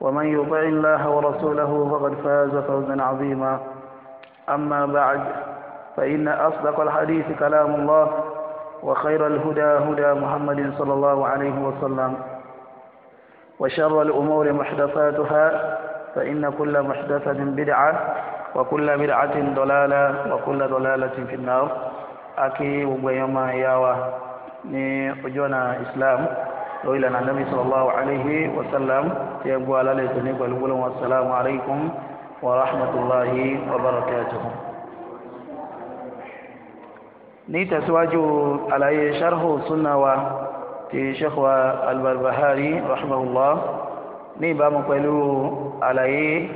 ومن يطع الله ورسوله فقد فاز فوزا عظيما أما بعد فإن أصدق الحديث كلام الله وخير الهدى هدى محمد صلى الله عليه وسلم وشر الأمور محدثاتها فإن كل محدثة بدعة وكل بدعة ضلالة وكل ضلالة في النار أكي وبيما ياوى ni ojona اسلام tó ìlànà Ànábì sallallahu alayhi wa sallam tí ẹ gbọ́ alálẹ̀ tó ní pẹ̀lú gbólóhùn assalamu alaykum wa rahmatulahi wa barakatuhu. ní tẹ̀síwájú àlàyé sharhu sunna wa ti sheikh wa albarbahari rahmatullah ní ìbámu pẹ̀lú àlàyé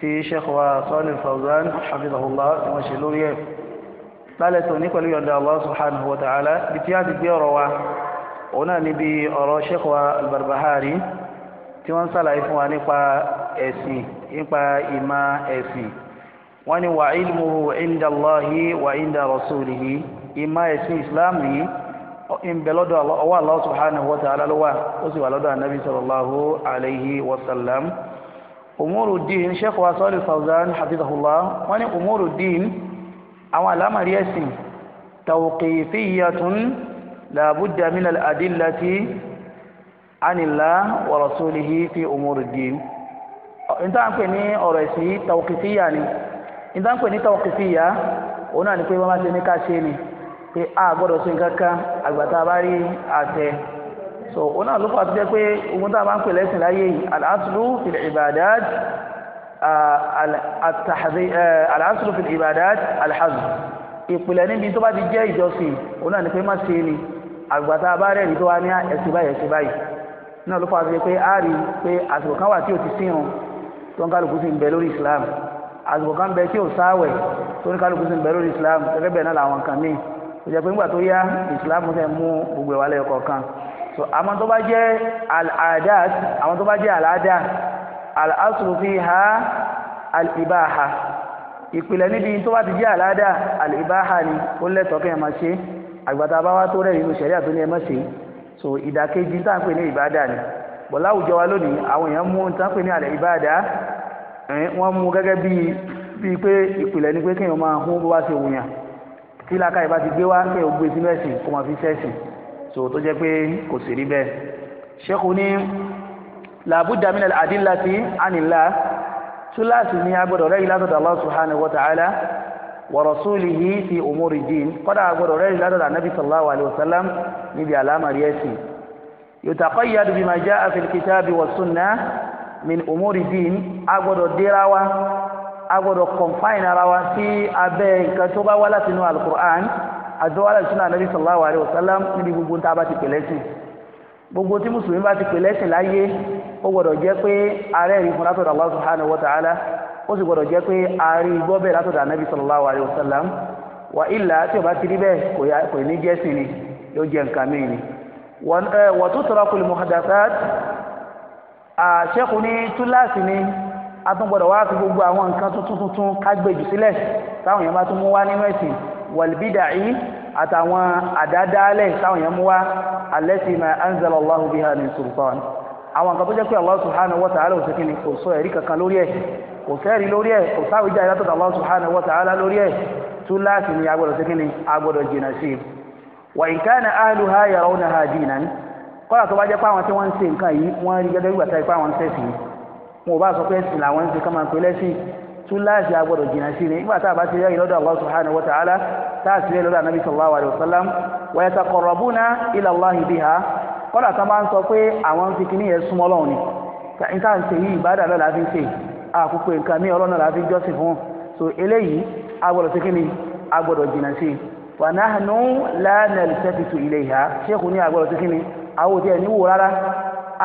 tí sheikh wa Salih Fawzan hafizahullah tí wọ́n ṣe ní pẹ̀lú yọ̀ǹda Allah subhanahu wa ta'ala bí tí a ti gbé ọ̀rọ̀ wa òun náà níbi ọ̀rọ̀ Sheikh wa Al-Barbahari tí wọ́n ń sàlàyé fún wa nípa ẹ̀sìn nípa ìmọ̀ ẹ̀sìn wọ́n ní wà ilmuhu inda Allahi wà inda rasulihi ìmọ̀ ẹ̀sìn Islam yìí ń bẹ lọ́dọ̀ ọwọ́ Allah subhanahu wa ta'ala ló wà ó sì wà lọ́dọ̀ anabi sallallahu alayhi wa sallam umuru din Sheikh wa Fawzan hafizahullah wọ́n ní umuru din àwọn àlámàrí ẹ̀sìn tawqifiyatun làbújá min al-adillati anillah wa rasulihi fi umuri din ìta ń pè ní ọ̀rọ̀ ẹ̀sìn tawqifiyya ni ìta ń pè ní tawqifiyya òun náà ni pé ni pé a gbọ́dọ̀ ṣe nǹkan kan àgbàtà bá so òun náà ló fà jẹ́ pé ogun tá a máa ń pè lẹ́sìn láyé yìí al-aslu fil ibadat al-aslu ibadat al ìpìlẹ̀ níbi tó bá ti jẹ́ ìjọsìn òun náà ni pé má ṣe ni àgbàtà bá rẹ̀ ní tó wá ní ẹ̀sìn báyìí ẹ̀sìn báyìí náà ló fàá sí pé a rí pé àsìkò kan wà tí ò ti sírun tó ń kálukú sí ń bẹ lórí Islam àsìkò kan bẹ tí ò sáwẹ̀ tó ń kálukú sí ń bẹ lórí Islam gẹ́gẹ́ bẹ́ẹ̀ náà làwọn kan míì kò jẹ́ pé nígbà tó yá Islam fẹ́ mú gbogbo ìwà lẹ́yọ kọ̀ọ̀kan so àwọn tó bá jẹ́ àdá àwọn tó bá jẹ́ àlàádá àlàásùrùfì ha àlìbáha ìpìlẹ̀ níbi tó bá ti jẹ́ àlàádá àlìbáha ni ó lẹ́tọ̀ọ́ kẹ́yàn máa ṣe é àgbàtà bá wá tó rẹ̀ inú sẹ̀ríà tó ní ẹ má ṣe so ìdàkejì tá à ń pè ní ìbáàdà ni bọ̀ láwùjọ wa lónìí àwọn èèyàn mú tá à ń pè ní àlẹ́ ìbáàdà wọ́n mú gẹ́gẹ́ bíi bíi pé ìpìlẹ̀ ni pé kéèyàn máa hún bó bá ṣe wùyàn tí làákàyè bá ti gbé wá kéèyàn gbé sínú ẹ̀sìn kó máa fi sẹ́sìn so tó jẹ́ pé kò sì rí bẹ́ẹ̀ ṣẹ́kù ní làbúdà min al-adillati anillah túláàsì ni agbọ́dọ̀ rẹ́yìn látọ̀dọ̀ Allah subhanahu wa ta'ala ورسوله في أمور الدين قد أقول رجل هذا النبي صلى الله عليه وسلم نبي علامة رياسي يتقيد بما جاء في الكتاب والسنة من أمور الدين أقول ديراوة أقول كونفاين راوة في أبي كتوبة ولا تنوى القرآن أدوال سنة النبي صلى الله عليه وسلم نبي بقول تاباتي كلاسي gbogbo tí mùsùlùmí bá ti pè lẹ́sìn láyé ó gbọ́dọ̀ jẹ́ pé ààrẹ ìrìn fún látọ̀dọ̀ Allah subhanahu wa ta'ala ó sì gbọ́dọ̀ jẹ́ pé a rí gbọ́ bẹ́ẹ̀ látọ̀dọ̀ anábì sallallahu alaihi wasallam wà ilà tí o bá ti rí bẹ́ẹ̀ kò ní jẹ́ sí ni yóò jẹ́ nǹkan mí ni wọ́n tó tọrọ kulù muhadasat àṣẹ́kù ní túláàsì ni a tún gbọ́dọ̀ wá fi gbogbo àwọn nǹkan tuntun tuntun kágbèjù sílẹ̀ táwọn èèyàn bá tún mú wá nínú ẹ̀sìn wàlbídàí kò sẹ́rí lórí ẹ̀ kò sáwìjà ìlàtọ̀ Allah subhanahu wa ta'ala lórí ẹ̀ tún láti ní agbọ́dọ̀ sí kíni agbọ́dọ̀ jìnà sí i wà in kana ahluha yarawnaha dinan kọ́lá tó bá jẹ́ páwọn tí wọ́n ń nǹkan yìí wọ́n rí gẹ́gẹ́ gbàtà ipá wọn sẹ́sì àkókò nǹkan mí ọlọ́nà láti jọ́sìn fún so eléyìí agbọ́dọ̀ sí kíni agbọ́dọ̀ jìnà sí wa nahnu la naltafitu ilayha ṣéèkù ní agbọ́dọ̀ sí kíni àwọn òtí ẹ̀ ní wò rárá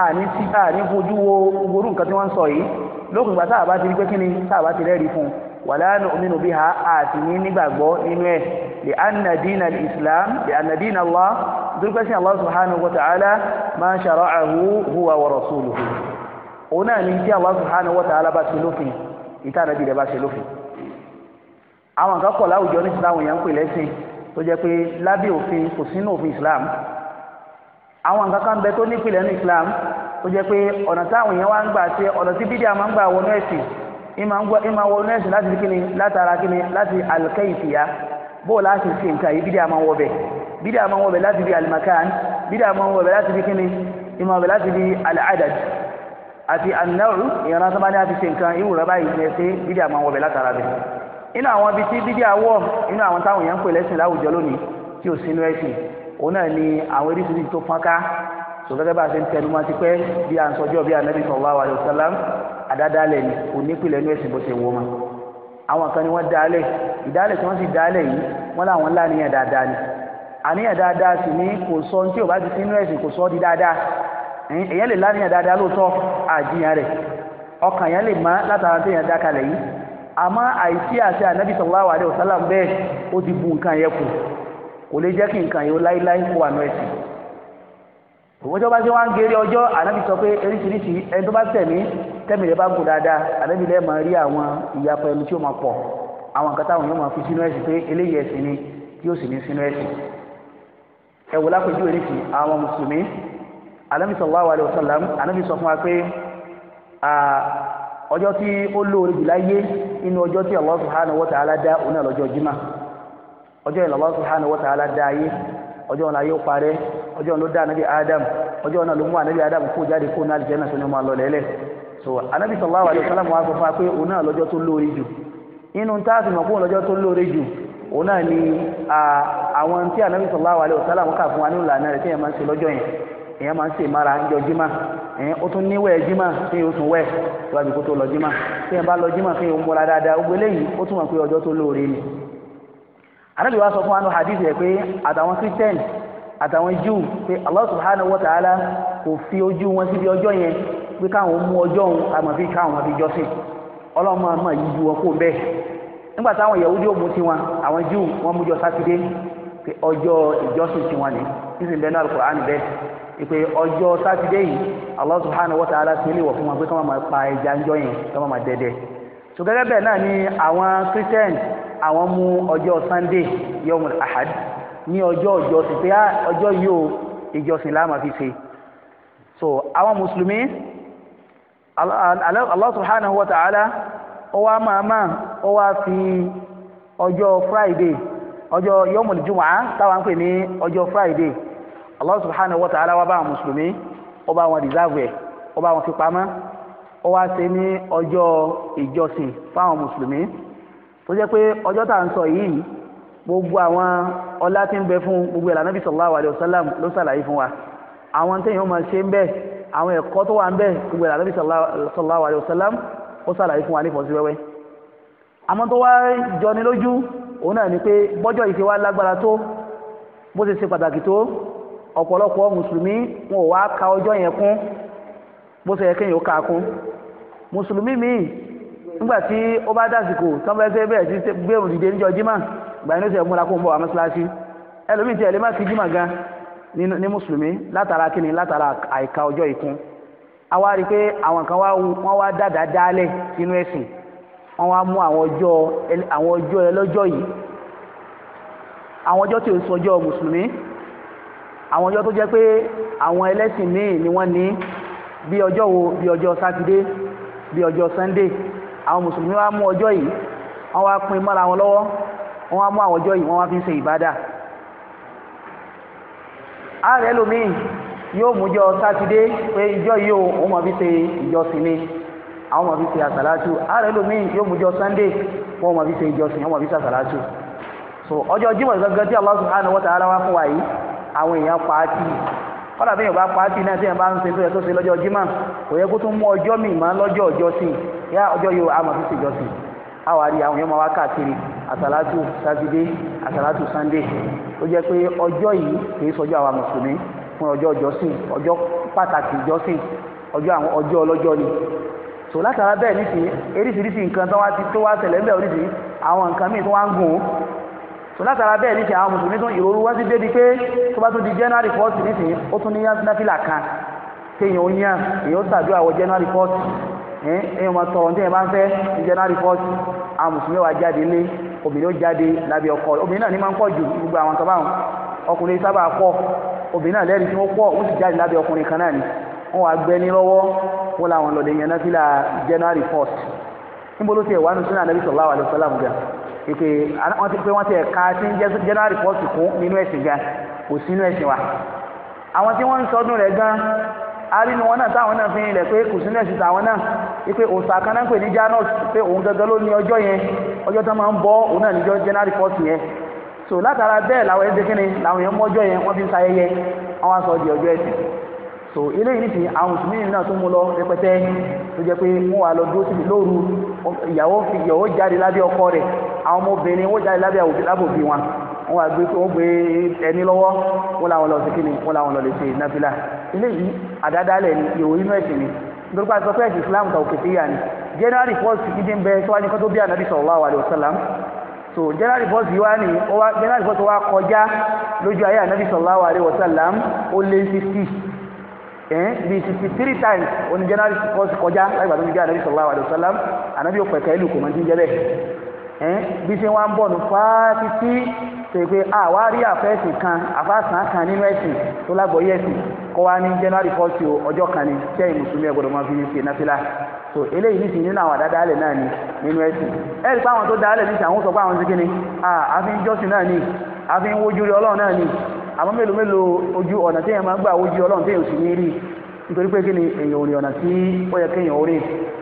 àní sí àní fojú wo gbogbo nǹkan tí wọ́n ń sọ yìí lókùn ìgbà táà bá ti rí pé kíni táà bá ti rẹ́rìí fún wala nu'minu biha àti ní nígbàgbọ́ nínú ẹ̀ li anna islam li anna dina Allah Allah subhanahu wa ta'ala ma shara'ahu huwa wa rasuluhu Ona náà ní tí Allah subhanahu wa ta'ala bá ṣe lófin ìta ànábì rẹ̀ bá ṣe lófin àwọn nǹkan pọ̀ láwùjọ ní ìsìlámù yẹn ń pè lẹ́sìn tó jẹ́ pé lábẹ́ òfin kò sínú Islam àwọn nǹkan kan bẹ tó nípìnlẹ̀ ní Islam tó jẹ́ pé ọ̀nà táwọn èèyàn wá ń gbà ṣe ọ̀nà tí bídíà máa ń gbà wọnú ẹ̀sìn ìmọ̀ wọnú ẹ̀sìn láti kíni látara kíni láti alkaifiya bóò láti ṣe la yìí bídíà máa ń wọbẹ̀ bídíà máa ń wọbẹ̀ láti bí alimakan bídíà máa ń wọbẹ̀ láti bí kíni ìmọ̀ wọbẹ̀ láti bí aladad àti anáwó ìran tó bá ní àti ṣe nǹkan irú rẹ báyìí ní ẹsẹ bídíà máa ń wọbẹ látara bẹ inú àwọn ibi tí bídíà wọ inú àwọn táwọn èèyàn ń pè lẹ́sìn láwùjọ lónìí tí ò sínú ẹ̀sìn òun náà ni àwọn eréṣiríṣi tó fọ́nká sọ gẹ́gẹ́ bá a ṣe ń tẹnu mọ́ tipẹ́ bí a ń sọjọ́ bí anabi sallallahu alaihi wasallam àdádálẹ̀ ni kò nípìnlẹ̀ inú ẹ̀sìn bó ṣe wọ́ ma àwọn kan ni wọ́n dálẹ̀ ìdálẹ̀ tí wọ́n sì dálẹ̀ yìí wọ́n láwọn ńlá níyàn dáadáa ni àníyàn dáadáa sì ni kò sọ ní tí ò bá ti sínú ẹ̀sìn kò sọ ọ́ di dáadáa èyàn lè lánìyàn dáadáa lóòótọ́ àjiyàn rẹ̀ ọkàn yẹn lè má látara tí èyàn dákalẹ̀ yìí àmọ́ àìsí àti ànábì sallallahu alaihi wasallam bẹ́ẹ̀ ó ti bu nǹkan yẹn kù kò lè jẹ́ kí nǹkan yẹn ó láíláí kó àná ẹ̀sìn òwòjọ́ bá ṣe wá ń gerí ọjọ́ ànábì sọ pé eríṣiríṣi ẹni tó bá tẹ̀mí tẹ̀mí rẹ̀ bá gùn dáadáa ànábì lẹ́ẹ̀ máa rí àwọn ìyapọ̀ ẹnu tí ó máa pọ̀ àwọn nǹkan táwọn yóò máa fi sínú ẹ̀sìn pé eléyìí ẹ̀sìn ni tí ó sì ní sínú ẹ̀sìn ẹ̀wò lápẹjú eríṣi àwọn mùsùlùmí anabi sallallahu alayhi wa sallam anabi sọ fún wa pé ọjọ́ tí ó lóore jù láyé inú ọjọ́ tí Allah subhanahu wa ta'ala dá òun náà lọ́jọ́ jimá ọjọ́ ìlà Allah subhanahu wa ta'ala dá ayé ọjọ́ ọ̀nà ayé ó parẹ́ ọjọ́ ọ̀nà ló dá anabi adam ọjọ́ ọ̀nà ló mú anabi adam kó jáde kó náà jẹ́ náà sọ ni wọ́n máa lọ lẹ́lẹ̀ so anabi sallallahu alayhi wa sallam wa sọ fún wa pé èèyàn máa ń ṣe mara ń jọ jimá ẹ̀yìn ó tún níwẹ̀ jimá kéèyàn ó tún wẹ̀ síwájú kó tó lọ jimá kéèyàn bá lọ jima kéèyàn ó múra dáadáa gbogbo eléyìí ó túmọ̀ pé ọjọ́ tó lóore ni. ànábì wa sọ fún wa hadith yẹ pé àtàwọn christian àtàwọn jew pé allah subhanahu wa ta'ala kò fi ojú wọn síbi ọjọ́ yẹn pé káwọn mú ọjọ́ òun àmọ́ fi káwọn fi jọ́sìn ọlọ́mọ ma ju bẹ́ẹ̀ nígbà ìpè ọjọ́ sátidé yìí Allah subhanahu wa ta'ala ti lè wọ̀ fún wọn pé kọ́mọ̀ máa pa ẹja ń jọ yẹn kọ́mọ̀ máa dẹ́dẹ́ so gẹ́gẹ́ bẹ́ẹ̀ náà ni àwọn christian àwọn mú ọjọ́ sunday yomul ahad ní ọjọ́ ọjọ́ sí pé ah, ọjọ́ yìí ó ìjọsìn la máa fi ṣe so àwọn mùsùlùmí Allah subhanahu wa ta'ala ó wá máa máa ó wá fi ọjọ́ friday ọjọ́ yomul jumu'ah táwọn ń pè ní ọjọ́ friday Allah subhanahu wa ta'ala wa bá àwọn mùsùlùmí ó bá wọn rìsáàbù ẹ̀ ó bá wọn fi pamọ́ ó wá ṣe ní ọjọ́ ìjọsìn fáwọn mùsùlùmí tó jẹ́ pé ọjọ́ tá à ń sọ yìí gbogbo àwọn ọlá tí ń bẹ fún gbogbo ìlànà bí sallallahu alayhi wa ló ṣàlàyé fún wa àwọn téèyàn máa ṣe ń bẹ àwọn ẹ̀kọ́ tó wà ń bẹ gbogbo ìlànà bí sallallahu alayhi wa ó ṣàlàyé fún wa ní ìfọ̀sí wẹ́wẹ́ àmọ́ tó wá jọni lójú òun náà ni pé bọ́jọ́ ìṣe wa lágbára tó bó ṣe ṣe pàtàkì tó ọ̀pọ̀lọpọ̀ mùsùlùmí wọn ò wá ka ọjọ́ yẹn kún bó ṣe yẹ kéèyàn ó kà kún mùsùlùmí míì nígbà tí ó bá dàsìkò tán bẹ́ẹ̀ ṣe bẹ́ẹ̀ ti gbé òrùn dìde níjọ́ jímà ìgbà yẹn ló ṣe múra kó ń bọ̀ wá mọ́ṣáláṣí ẹlòmíì tí ẹlẹ́mà sí jímà gan ní mùsùlùmí látara kíni látara àìka ọjọ́ ìkún a rí i pé àwọn kan wọ́n wá dàdá dálẹ̀ sínú ẹ̀sìn wọ́n wá mú àwọn ọjọ́ ẹlọ́jọ́ yìí àwọn ọjọ́ tí ò sọjọ́ mùsùlùmí àwọn ọjọ́ tó jẹ́ pé àwọn ẹlẹ́sìn míì ni wọ́n ní bí ọjọ́ wo bí ọjọ́ sátidé bí ọjọ́ sannde àwọn mùsùlùmí wa mú ọjọ́ yìí wọ́n wá pín mọ́ra wọn lọ́wọ́ wọ́n wá mú àwọn ọjọ́ yìí wọ́n wá fi ṣe ìbádà ààrẹ lómii yóò mú sátidé pé ìjọ yìí o mọ̀ fi ṣe ìjọsìn ni àwọn mọ̀ fi ṣe àsàlátù ààrẹ lómii yóò mú jọ wọ́n mọ̀ fi ṣe ìjọsìn wọ́n mọ̀ fi ṣe àsàlátù so ọjọ́ Jímọ̀ gángan tí Allah subhanahu wa ta'ala wá fún wa yìí àwọn èèyàn pàátì kọ́dà bí èèyàn bá pàátì náà tí èèyàn bá ń ṣe tó yẹ tó ṣe lọ́jọ́ jímọ̀ kò yẹ kó tún mú ọjọ́ míì mọ́ lọ́jọ́ ọjọ́ sí i yá ọjọ́ yóò àmọ̀ tó sì jọ sí i àwọn àrí àwọn èèyàn máa wá káàkiri àsàlátù sátidé àsàlátù sannde ó jẹ́ pé ọjọ́ yìí kì í sọjọ́ àwa mùsùlùmí fún ọjọ́ ìjọsìn ọjọ́ pàtàkì ìjọsìn ọjọ́ àwọn ọjọ́ ọlọ́jọ́ ni so látara bẹ́ẹ̀ nísìnyí eríṣiríṣi nǹkan tó wá ti tó wá tẹ̀lé ń bẹ̀ oríṣiríṣi àwọn nǹkan míì tó wá ń gùn tó látara bẹ́ẹ̀ ní ti àwọn mùsùlùmí tún ìrorú wá sí débi pé tó bá tún di january first nísìnyí ó tún ní náfìlà kan kéèyàn ó yàn èèyàn ó tàbí àwọ̀ january first èèyàn máa tọrọ ní ẹ̀ ń fẹ́ ní january first àwọn mùsùlùmí wa jáde lé obìnrin ó jáde lábẹ́ ọkọ obìnrin náà ní máa ń pọ̀ jù gbogbo àwọn kan báwọn ọkùnrin sábà pọ̀ obìnrin náà lẹ́rìí tí wọ́n pọ̀ wọ́n sì jáde lábẹ́ ọkùnrin kan náà ni wọ́n wá gbẹ́ ní lọ́wọ́ wọ́n làwọn lọ́dẹ̀ yẹn náfìlà january first níbo ló ti ẹ̀ wá nù sínú ànábì sallallahu alaihi wasallam pé wọ́n ti pé wọ́n ti ẹ̀ka tí ń jẹ́ general report kún nínú ẹ̀sìn gan kò sí nínú ẹ̀sìn wa àwọn tí wọ́n ń sọdún rẹ̀ gan arínú wọn náà táwọn náà fi ń lẹ̀ pé kò sínú ẹ̀sìn táwọn náà wípé òòsà kan náà pè ní janus pé òun gangan ló yẹn ọjọ́ tó máa ń bọ́ òun náà níjọ́ general report yẹn so látara bẹ́ẹ̀ làwọn ẹ̀ṣẹ̀ kínni làwọn èèyàn mọ́jọ́ yẹn wọ́n fi ń sayẹyẹ àwọn di ọjọ́ ẹ̀sìn so eléyìí nìsín àwọn mùsùlùmí náà tó mú lọ rẹpẹtẹ tó jẹ pé wọn wà lọ dúró síbi lóru ìyàwó fi ìyàwó jáde lábẹ́ ọkọ rẹ̀ àwọn ọmọbìnrin wọn jáde lábẹ́ àbòbí wọn wọn wà gbé wọn gbé ẹni lọ́wọ́ wọn làwọn lọ sí kíni wọn làwọn lọ lè ṣe nàfìlà eléyìí àdádálẹ̀ ni ìrò inú ẹ̀sìn ni nítorí pé àtọ́fẹ́ ẹ̀sìn Islam kà òkè sí yà ni general report ìdí ń bẹ tó wá ní kótó bí ànábì sallallahu alaihi wasallam so general report yìí wá ní general report wá kọjá lójú ayé ànábì sallallahu alaihi wasallam ó lé fifty ẹ̀ẹ́n eh, si three times oní january kọjá lágbà anabi sallallahu alayhi wa anabi kò máa ń jẹ bẹ́ẹ̀ ẹ̀ẹ́n eh, ṣe ń bọ̀ nù kan àfàsàn kan nínú tó lágbọ̀ọ́yé ẹ̀sìn kọ́ wa ní january first kan ni so eléyìí nìsín nínú àwọn náà ni nínú àwọn tó nìsín àwọn sọ àmọ́ mélòó mélòó ojú ọ̀nà téèyàn máa gbà ojú ọlọ́run téèyàn sì ní rí nítorí pé kí ni èèyàn ò rí ọ̀nà tí ó yẹ kéèyàn ó rí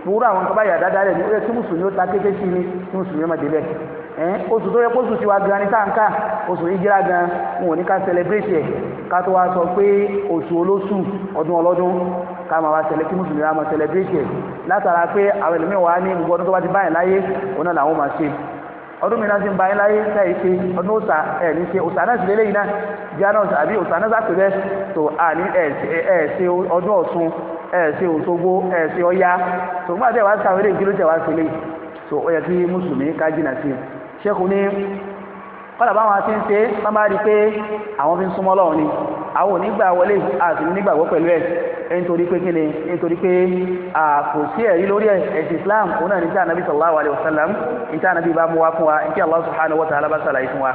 wúrọ̀ àwọn nǹkan báyìí àdáadáa rẹ̀ ní ó yẹ kí mùsùlùmí ó ta kété sí ni kí mùsùlùmí ó máa débẹ̀ oṣù tó yẹ kóṣù tí wa gan ní táǹkà oṣù ìjírá gan wọn ò ní ká celebrate ẹ̀ ká tó wá sọ pé oṣù olóṣù ọdún ọlọ́dún ká máa wá sẹlẹ̀ kí mùsùlùmí á máa celebrate ẹ̀ látara pé àwọn ẹlòmíràn wà ní gbogbo ọdún tó bá ti báyìí láyé òun náà làwọn máa ṣe ọdún mìíràn ti ń ba yín láyé táyì ṣe ọdún òsà ẹ̀ ní ṣe òsà náà sì lélẹ́yìn náà janus àbí òsà náà sàpè bẹ́ẹ̀ tó àní ẹ̀ ṣe ọdún ọ̀ṣun ẹ̀ ṣe òṣogbo ẹ̀ ọya tó ń gbà tẹ̀ wá sàwérè sílẹ̀ tó ó yẹ mùsùlùmí ká sí ṣẹ́kù ní kọ́lá bá wọn ti ń ṣe wọ́n bá rí i pé àwọn fi ń súnmọ́ lọ́wọ́ ni àwọn ò ní gbà wọlé àti nígbàgbọ́ pẹ̀lú ẹ̀ nítorí pé kí ni nítorí pé kò sí ẹ̀rí lórí ẹ̀sìn Islam òun náà ní tí anabi sallallahu alayhi wa sallam ní tí anabi bá mú wa fún wa ní tí Allah subhanahu wa ta'ala bá sàlàyé fún wa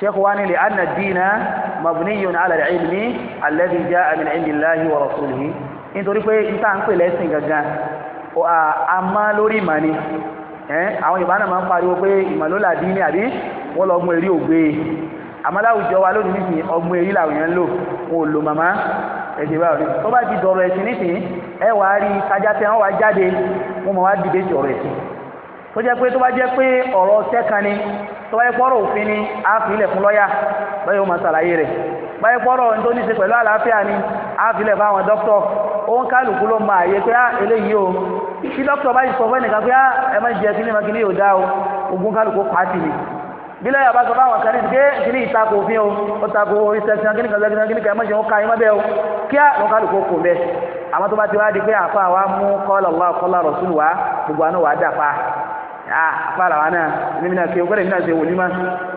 sheikh wa ni li anna diina mabniyun ala ilmi alladhi jaa min indillahi wa rasulihi nítorí pé níta ń pè lẹ́sìn gangan àmọ́ lórí ìmọ̀ ni àwọn Yorùbá máa ń pariwo pé ìmọ̀ ló là dín ní àbí wọ́n lọ mú erí ògbé àmọ́ láwùjọ wa lónìí nísìnyí ọgbọ́n erí làwọn èèyàn ń lò wọn ò lò màmá ẹ̀jẹ̀ báwọn ni tó bá ti dọ̀rọ̀ ẹ̀sìn nísìnyí ẹ wà á rí kájá tẹ wọn wà á jáde wọn mọ̀ wá dìde ti ọ̀rọ̀ ẹ̀sìn tó jẹ́ pé tó bá jẹ́ pé ọ̀rọ̀ sẹ́kan ni tó bá yẹ pọ́rọ̀ òfin ni á fi ilẹ̀ fún lọ́ọ̀yà báyìí ó máa ṣàlàyé rẹ̀ báyìí pọ́rọ̀ tó ní ṣe pẹ̀lú àlàáfíà ni á fi ilẹ̀ fáwọn dókítọ̀ ó ń kálukú ló máa yẹ pé á ah, eléyìí o tí dókítọ̀ bá yìí sọ fún ẹnìkan pé á ah, ẹ má jẹ kí ní ma yóò dá o ogun kálukú pàtì ni bílẹ̀ yàrá sọ fáwọn kan níbi pé kìíní ìtakò òfin o ó takò orí sẹ́sìn kìíní kan sẹ́sìn kìíní kan mọ̀ṣẹ́ wọn ká yín mọ́ bẹ́ẹ̀ o kí àwọn kálukú kò bẹ́ẹ̀ àwọn tó bá ti wá di pé àfa wa mú kọ́lá wa kọ́lá rọ̀sùn wa gbogbo àná wa dà pa àfa làwa náà ní mi náà kéwu kọ́lá mi náà ṣe wòlí ma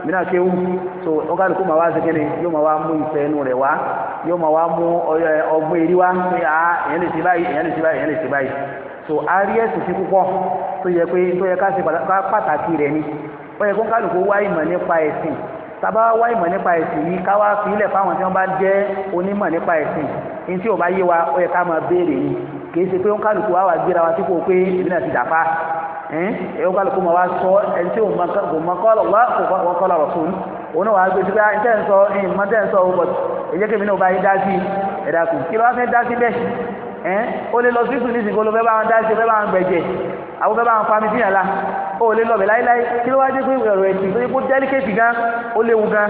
mi náà kéwu so ó kálukú máa wá sí kìíní yóò máa wá mú ìfẹ́ inú rẹ̀ wá yóò máa wá mú ọgbọ́n èrí wá pé à èyàn lè ṣe so a rí ẹ̀sìn sí púpọ̀ tó yẹ pé tó yẹ ká ṣe pàtàkì rẹ̀ ni ó yẹ kó kálukú wá ìmọ̀ nípa ẹ̀sìn tàbá wá ìmọ̀ nípa ẹ̀sìn yìí ká wá fáwọn tí wọ́n bá jẹ́ onímọ̀ nípa ẹ̀sìn ní tí ò bá yé wa ó yẹ ká máa béèrè ni kì í ṣe pé ó kálukú wá wà gbéra wa tí kò pé èmi náà ti dàpá ẹ̀yọ́ kálukú máa wá sọ ẹni tí kò mọ kọ́lọ̀ wá kò kọ́lọ̀ rọ̀ fún un òun wàá gbé síbi ẹ̀ńtẹ́ ah, ń sọ ẹ̀ńtẹ́ ń sọ ọ̀pọ̀ ẹ̀jẹ̀ kèmi náà bá yí dá sí ẹ̀dá kù kí ló wá àwọn bẹ́ẹ̀ bá ń fami sí yàrá ó lè lọ́bẹ̀ láíláí kí ló wá dé pé ọ̀rọ̀ ẹ̀sìn tó yẹ kó dẹ́líkẹ́tì gan ó léwu gan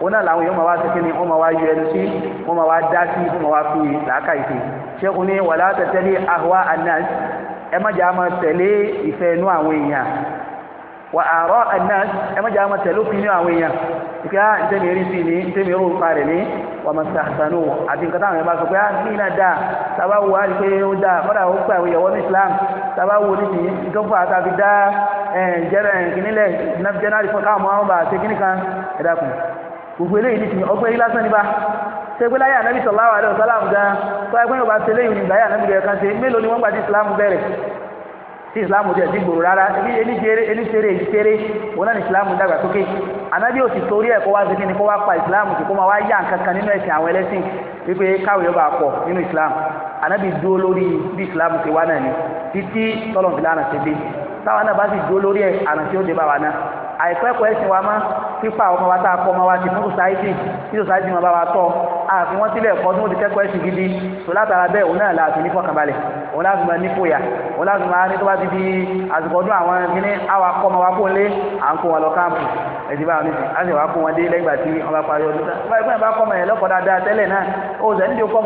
òun náà làwọn èèyàn máa wá sẹ́kẹ́ ni wọ́n máa wá yọ ẹnu sí wọ́n máa wá dá sí wọ́n máa wá fi làákà ìfẹ́ ṣẹ́kun ní wàlá tẹ̀tẹ́lé àhùwà anas ẹ má jà máa tẹ̀lé ìfẹ́ inú àwọn èèyàn wà àárọ̀ àná ẹ má jẹ́ àwọn tẹ̀lé òfin àwọn èèyàn ìpé á ah, ntẹ́mi erin sí ni ntẹ́mi erò pa rẹ̀ ní wàmọ̀ sàtànù àti nǹkan táwọn ẹ̀ bá sọ pé á ní iná dáa sábà wo àti pé ó dáa kọ́dà ó pè àwọn ìyàwó ní Islam sábà wo ní ti nǹkan fún àti àfi dá jẹ́rẹ̀ ìkínílẹ̀ jẹ́nàrí fún káwọn ọmọ bá ṣe kíní sẹgbẹ́ láyé ànábì sallallahu alaihi wasallam gan tó ẹgbẹ́ yóò bá ṣe léyìn nígbà yà ànábì kẹ̀kẹ́ kan ṣe mélòó ni wọ́n gbà tí Islam bẹ̀rẹ̀ tí islam jẹ́ sí gbòòrò rárá elíṣeré ìṣeré òun náà ni islam dàgbà sókè ànábì ò sì torí ẹ̀ kó wá sí kí ni kó wá pa islam kó máa wá yá nǹkan kan nínú ẹ̀sìn àwọn ẹlẹ́sìn wípé káwé yóò bá pọ̀ nínú islam ànábì dúró lórí bí islam ti wá náà ni títí tọ́lọ̀ fìlà àrànṣẹ́ dé táwa náà bá sì dúró lórí ẹ̀ àrànṣẹ́ ó dé bá wa náà àìkẹ́kọ̀ọ́ ẹ̀sìn wa máa fífà ọmọ wa tá a kọ́ ọmọ wa ti fún sòsáìtì tí sòsáìtì wọn bá wa tọ́ àfi wọ́n sílẹ̀ ẹ̀kọ́ tí wọ́n ẹ̀sìn gidi tó látara bẹ́ẹ̀ òun náà la fi nífọ̀kànbalẹ̀ òun láti máa nífòyà òun láti máa ní tó bá ti di àsìkò ọdún àwọn ẹni àwa kọ́ ọmọ wa kó lé à ń kó wọn lọ káàmpù ẹ̀sì bá wọn nísìn láti wá kó wọn dé lẹ́gbà tí wọn bá parí ọdún tán báyìí bá kọ́ ọmọ yẹn lọ́kọ̀ dáadáa tẹ́lẹ̀ náà ó sẹ́ni tí ó kọ́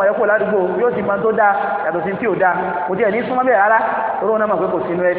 ọmọ yẹn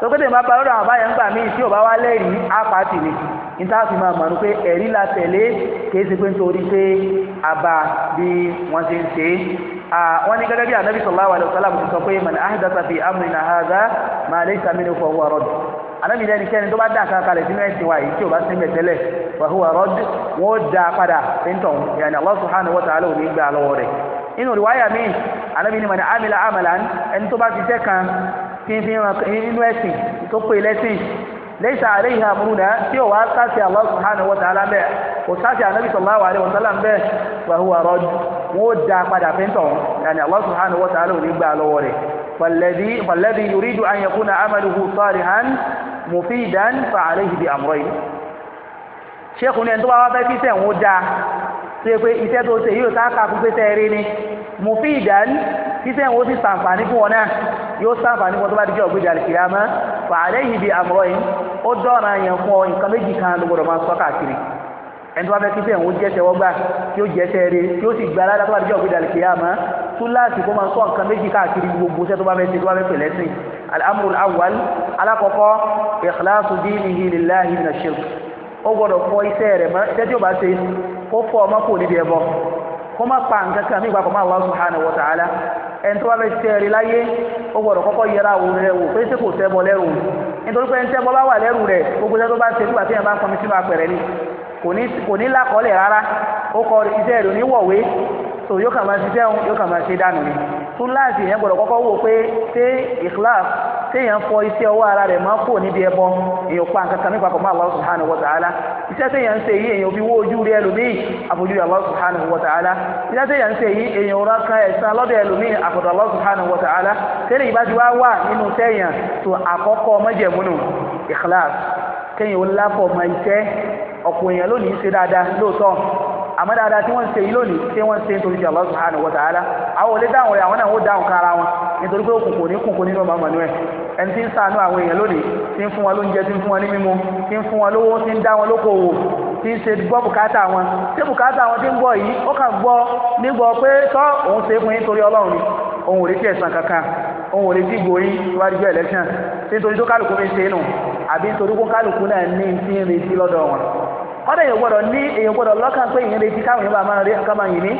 tọ́gbẹ́dẹ̀ máa bá lọ́dọ̀ àbáyẹ̀ ń gbà mí tí ò bá wá lẹ́rìí apàtì ni níta fi máa mọ̀ ní pé ẹ̀rí la tẹ̀lé kìí ṣe pé nítorí pé àbá bí wọ́n ṣe ń ṣe é wọ́n ní gẹ́gẹ́ bí anabi sallallahu alaihi wasallam ti sọ pé man ahdatha fi amrina hadha ma laysa minhu fa huwa radd anabi lẹ́ni kẹ́ni tó bá dá nǹkan kalẹ̀ sínú ẹ̀sìn wa yìí tí ò bá sí mẹ́ tẹ́lẹ̀ fa wọ́n dá padà fẹ́ntọ̀n yàní Allah subhanahu wa ta'ala ò gbà lọ́wọ́ rẹ̀ inú riwaya mi anabi ni man amila amalan ẹni tó bá fi tẹ́ kan tí ń fi hàn nínú ẹ̀sìn tó pè lẹ́sìn lẹ́sà àléhìn àmúrúnà tí ó wà sáàsì Allah subhanahu wa ta'ala bẹ́ẹ̀ kò sáàsì ànábì sallallahu alaihi wa sallam bẹ́ẹ̀ wa huwa radd wọn ó da padà fẹ́ntọ̀ yàní Allah subhanahu wa ta'ala ò ní gbà lọ́wọ́ rẹ̀ fàlẹ́dì yuridu an yakuna amaluhu salihan mufidan fa àléhìn bi amrayn ṣékùn ní ẹni tó bá wá fẹ́ kí sẹ́wọ̀n ó dáa tó yẹ pé iṣẹ́ tó ṣe yóò sáà kà fún pé sẹ́ẹ̀rí ni mufidan kí sẹ́wọ̀n ó sì sàǹfààní fún wọn náà yóò sáfà ní wọn tó bá dijọ́ ògbéjà àlìkìyàmá fàálẹ́ yìí di àmọ́ yìí ó dọ́ra yẹn fún ọ nǹkan méjì kan ló gbọdọ̀ máa sọ káàkiri ẹni tó bá fẹ́ kí sẹ́yìn ó jẹ́sẹ̀ wọ́gbà tí ó jẹ́sẹ̀ rẹ̀ tí ó sì gba aládàá tó bá dijọ́ ògbéjà àlìkìyàmá túláàsì kó máa sọ nǹkan méjì káàkiri gbogbo sẹ́ tó bá fẹ́ ṣe tó bá fẹ́ pè lẹ́sìn al-amrul awwal ikhlasu dinihi lillahi min shirk ó gbọdọ̀ fọ iṣẹ́ rẹ̀ mọ́ iṣẹ́ tí ó bá ṣe kó fọ ọmọ kò níbi ẹbọ kó má pa nǹkan kan nígbà kan mọ́ Allah subhanahu wa ta'ala ẹni tó bá fẹ́ ṣiṣẹ́ rẹ láyé ó gbọ́dọ̀ kọ́kọ́ yẹra wò rẹ wò pé ṣé kò tẹ́bọ lẹ́rù nítorí pé ẹni tẹ́bọ bá wà lẹ́rù rẹ gbogbo iṣẹ́ tó bá ṣe nígbà tí yẹn bá ń pọnmi sínú apẹ̀rẹ̀ ni kò ní lákọọ́lẹ̀ rárá ó kọ iṣẹ́ rẹ oníwọ̀wé so yóò kàn máa ṣiṣẹ́ òun yóò kàn máa ṣe dànù ni túláàsì yẹn gbọ́dọ̀ kọ́kọ́ wò pé ṣé ìkíláàsì téèyàn fọ iṣẹ́ ọwọ́ ara rẹ̀ máa kó níbi ẹbọ èèyàn pa nǹkan kan nípa pọ̀ mọ́ Allah subhanahu wa ta'ala iṣẹ́ téèyàn ń ṣe yìí èèyàn wó ojú rí ẹlòmíì rí ta'ala iṣẹ́ téèyàn ń ṣe yìí èèyàn ò rákan ẹ̀san lọ́dọ̀ ẹlòmíì àfọ̀dọ̀ Allah subhanahu wa ta'ala tẹ́lẹ̀ ìbá ti wá nínú téèyàn tó àkọ́kọ́ mọ́jẹ̀múnù ikhlas kéèyàn ó láfọ̀ mọ iṣẹ́ ọ̀pọ̀ èèyàn lónìí àmọ́ dáadáa tí wọ́n ń ṣe yìí lónìí tí wọ́n ń ṣe nítorí Allah subhanahu wa ta'ala àwọn olè dáhùn rẹ̀ àwọn náà ó dáhùn kára wọn nítorí pé òkùnkùn ní kùnkùn nínú ọmọ ọmọnú ẹ̀ ẹni tí ń ṣàánú àwọn èèyàn lónìí tí ń fún wọn lóúnjẹ tí ń fún wọn ní mímu tí ń fún wọn lówó tí ń dá wọn lókòwò tí ń ṣe gbọ́ bùkátà wọn tí bùkátà wọn ti ń gbọ́ yìí ó kàn gbọ́ nígbọ́ pé tọ́ òun ṣe fún yín torí Ọlọ́run òun ò retí ẹ̀san kankan òun ò retí gbòyìn iwájú election nítorí tó kálukú fi ṣe é nù àbí nítorí kó kálukú náà ní ti ń retí lọ́dọ̀ wọn kọ́dọ̀ èèyàn gbọ́dọ̀ ní èèyàn gbọ́dọ̀ lọ́kàn pé ìyẹn retí káwọn èèyàn bá máa rí nǹkan máa yìn mí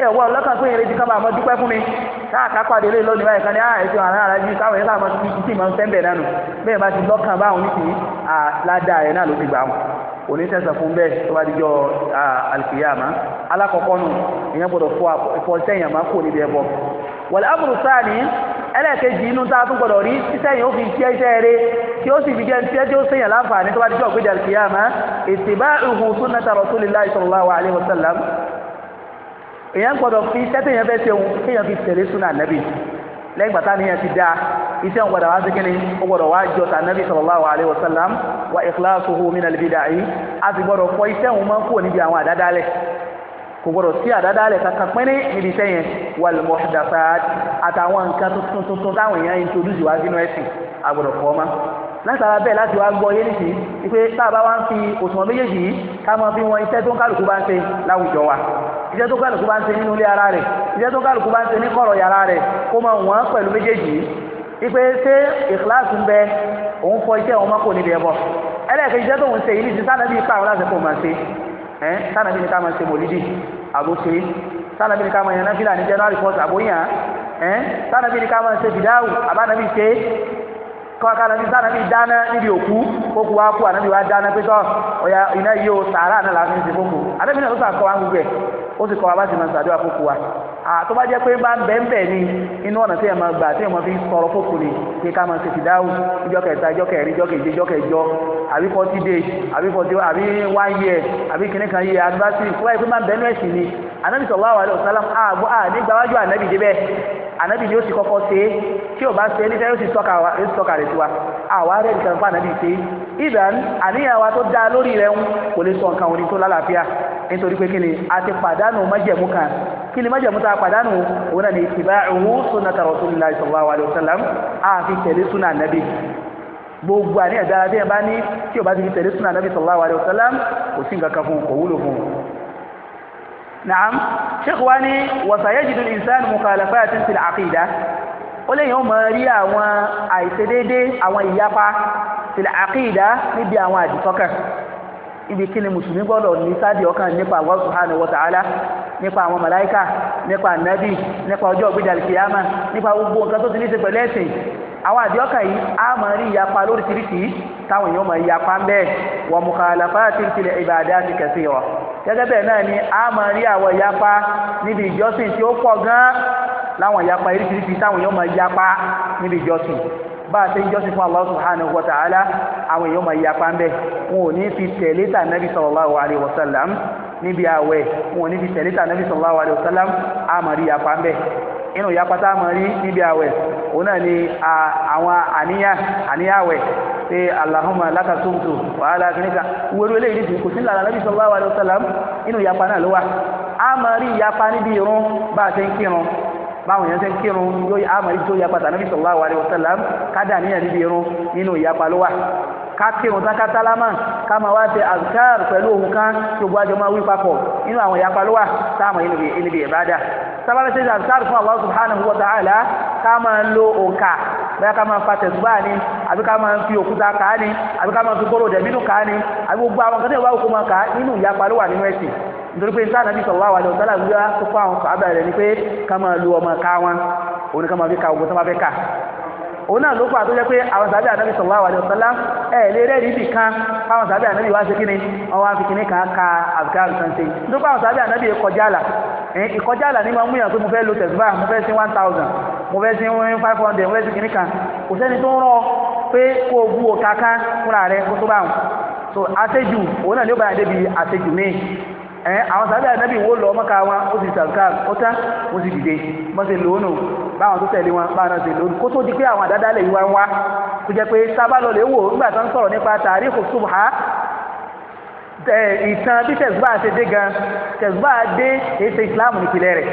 èèyàn gbọ́dọ̀ lọ́kàn pé ìyẹn retí káwọn àmọ́ dúpẹ́ fún mi káàká pàdé lé lónìí báyìí kan ní àìsí àwọn ará ju káwọn èèyàn káwọn ti ti máa ń fẹ́ bẹ̀ nánu bẹ́ẹ̀ bá ti lọ́kàn báwọn nítorí àládàá rẹ̀ náà ló ti gbà wọn onítẹ̀sán fún bẹ́ẹ̀ tó bá dijọ́ alkiyama alákọ̀ọ́kọ́ nù ìyẹn gbọ́dọ̀ fọ sẹ́yìn àmọ́ kò níbi ẹ̀bọ. wal amru sani ẹlẹ́ẹ̀kejì inú tá a tún gbọ́dọ̀ rí sísẹ́yìn ó fi jẹ́ iṣẹ́ eré tí ó sì fi jẹ́ iṣẹ́ tí ó sẹ́yìn láǹfààní tó bá dijọ́ ògbéjà alkiyama ittiba'uhu sunnata rasulillahi sallallahu alaihi wasallam èèyàn gbọ́dọ̀ fi iṣẹ́ téèyàn fẹ́ ṣe òun kéèyàn fi tẹ̀lé súnà nàbì lẹ́yìn gbàtà níyàn ti dáa iṣẹ́ òun gbọ́dọ̀ wá sí kíni ó gbọ́dọ̀ wá jọ tànàbí sallallahu alaihi wasallam wa ikhlasuhu min al-bida'i a sì gbọ́dọ̀ fọ iṣẹ́ òun máa ń kúrò níbi àwọn àdádálẹ̀ kò gbọ́dọ̀ sí àdádálẹ̀ kankan pínrín níbi iṣẹ́ yẹn wal muhdathat àtàwọn nǹkan tuntun tuntun táwọn èèyàn introduce wá sínú ẹ̀sìn a gbọ́dọ̀ fọ́ ọmọ látara bẹ́ẹ̀ láti wá gbọ́ yé nìsí wípé tá a bá wá ń fi òṣùwọ̀n méjèèjì yìí ká máa fi wọn iṣẹ́ tó ń kálukú bá ń ṣe láwùjọ wa iṣẹ́ tó kálukú bá ń ṣe nínú ilé ara rẹ̀ iṣẹ́ tó kálukú bá ń ṣe ní kọ̀rọ̀ yàrá rẹ̀ kó máa wọ́n pẹ̀lú méjèèjì ipe ṣé ìkíláàsì ń bẹ òun fọ iṣẹ́ òun mọ́kò níbi ẹ̀bọ ẹlẹ́ẹ̀kẹ́ iṣẹ́ tó ń ṣe yìí ti sànàbí ipa àwọn aláṣẹ kò máa ṣe ẹ́ sànàbí ni ká máa ṣe mòlídì àbóṣe sànàbí ni ká máa yan náfìlà ní january first àbóyàn ẹ́ sànàbí ni ká máa ṣe fìdáwù àbánàbí ṣe kọ́kànlá ní sáà dáná níbi òkú kókù wá kú ànábì wá dáná pé tọ́ ọ̀yà iná yóò sàárà náà láti ṣe fókù ànábì náà ló sà kọ́ wá ó sì kọ́ wa bá sì máa ṣàdúrà fókù wa àtọ́ bá jẹ́ pé bá bẹ́ẹ̀bẹ́ ni inú ọ̀nà tí ẹ̀ máa gbà tí ẹ̀ máa fi sọ̀rọ̀ fókù ni pé ká máa ṣètì dáhùn ìjọ kẹta ìjọ kẹrin ìjọ keje ìjọ kẹjọ àbí forty days àbí forty àbí one year àbí kìnnìkan year adversity fúláì pé má bẹ́ẹ̀ nú ẹ̀sìn ni anabi sallallahu alaihi wasallam àgbọ́ à nígbàwájú anabi débẹ̀ anabi ni ó ti kọ́kọ́ ṣe é tí ò bá ṣe é níta yóò ti sọ́ka wa yóò ti sọ́ka rẹ̀ sí wa àwa rẹ̀ nìkan fún anabi ṣe é ìdán àníyàn wa tó dá lórí rẹ̀ ń kò lè sọ nǹkan òní tó lálàáfíà nítorí pé kíni a ti pàdánù májẹ̀mú kan kíni májẹ̀mú tá a pàdánù òun náà ni ittiba'u sunnata rasulillahi sallallahu alaihi wasallam àfi tẹ̀lé súnà anabi gbogbo àníyàn dára bí ẹ bá ní tí ò bá ti fi tẹ̀lé súnà anabi sallallahu alaihi wasallam kò sí nǹkan kan fún kò fún un نعم sheikh wa ni wasayajidu insan mukhalafatin fil aqida ó lè yàn máa rí àwọn àìṣedéédé àwọn ìyapa fil aqida níbi àwọn àdìsọ́kàn ibi kí ni mùsùlùmí gbọ́dọ̀ ní sáàdì ọkàn nípa Allah subhanahu wa ta'ala nípa àwọn màláíkà nípa ànábì nípa ọjọ́ ògbéjà kìyàmà nípa gbogbo nǹkan tó ti ní ṣe pẹ̀lú ẹ̀sìn àwọn àdìọ́kà yìí a máa rí ìyapa lóríṣiríṣi táwọn èèyàn máa yapa ń bẹ́ẹ̀ wa mukhalafatin fil ibadati kathira gẹ́gẹ́ bẹ́ẹ̀ náà ni a máa rí àwọn ìyapa níbi ìjọsìn tí ó pọ̀ gan-an láwọn ìyapa irísirísi táwọn èèyàn máa yapa níbi ìjọsìn bá a ṣe ń jọ́sìn fún Allah subhanahu wa ta'ala àwọn èèyàn máa yapa ń bẹ̀ wọn ò ní fi tẹ̀lé tà nàbì sallallahu alaihi wa sallam níbi àwẹ̀ wọn ò ní fi tẹ̀lé tà nàbì sallallahu alaihi wa sallam a máa rí yapa ń bẹ̀ inú yapa tá a máa rí níbi àwẹ̀ òun náà ni àwọn àníyàn àníyàn àwẹ̀ pé alahuma lakasumtu wàhálà kìnìkà wẹ́rú eléyìí nìsín kò sí lànà nàbí sallallahu alaihi wasallam inú ìyapa náà ló wà á máa rí ìyapa níbi irun bá a ṣe ń kírun báwọn yẹn ṣe ń kírun yóò á máa rí tó ìyapa tànàbí sallallahu alaihi wasallam kádà níyàn níbi irun nínú ìyapa ló wà kákí òun tán kátálámà ká máa wá ṣe azkar pẹ̀lú ohun kan tí gbogbo àjọ máa wí papọ̀ nínú àwọn ìyapa ló wà táàmù ìlúbi ìbádà sábàbí ṣe azkar fún Allah subhanahu wa ta'ala ká máa lo òǹkà bẹ́ẹ̀ ká fa tẹ̀síbáà ni àbí ká máa fi òkúta kà á ni àbí ká máa fi kóró dẹ̀bínú kà á ni àbí gbogbo àwọn kan tí ìwà òkú máa kà á nínú ìyapa ló wà nínú ẹ̀sìn nítorí pé sáà nàbí sallallahu alaihi wasallam gbígbá tó fún àwọn sàábà rẹ̀ ni pé ká máa lo ọmọ ká wọn òun ni ká máa fi ka ogun tó máa fẹ́ kà òun náà ló pàtó jẹ́ pé àwọn sàbí ànábì sallallahu alaihi wasallam ẹ̀ lè rẹ́ níbi kan àwọn sàbí ànábì wá sí kíni ọwọ́ àfi kíní kan ka àbíkárù sànṣe nípa àwọn sàbí ànábì ìkọjá àlà ìkọjá àlà ní máa mú yàn pé mo fẹ́ lo tẹ̀sífà mo fẹ́ sí one thousand mo fẹ́ sí five hundred mo fẹ́ sí kíní kan kò sẹ́ni tó ń rán ọ pé kó o bu òkà kan fúnra rẹ kó tó bá wọn so àṣejù òun náà ló bá yàn débi àṣejù míì ẹ àwọn sábẹ́ ànábì wo lọ mọ́ka wọn ó ti sàǹkà ó ó ti dìde wọ́n ti lónù báwọn tó tẹ̀lé wọn báwọn ti lónù kó tó di pé àwọn àdáda lè wá ń wá tó jẹ́ pé sábà lọ lè wò nígbà tó ń sọ̀rọ̀ nípa ìtàn bí ṣe dé gan tẹ̀síbà dé èsè rẹ̀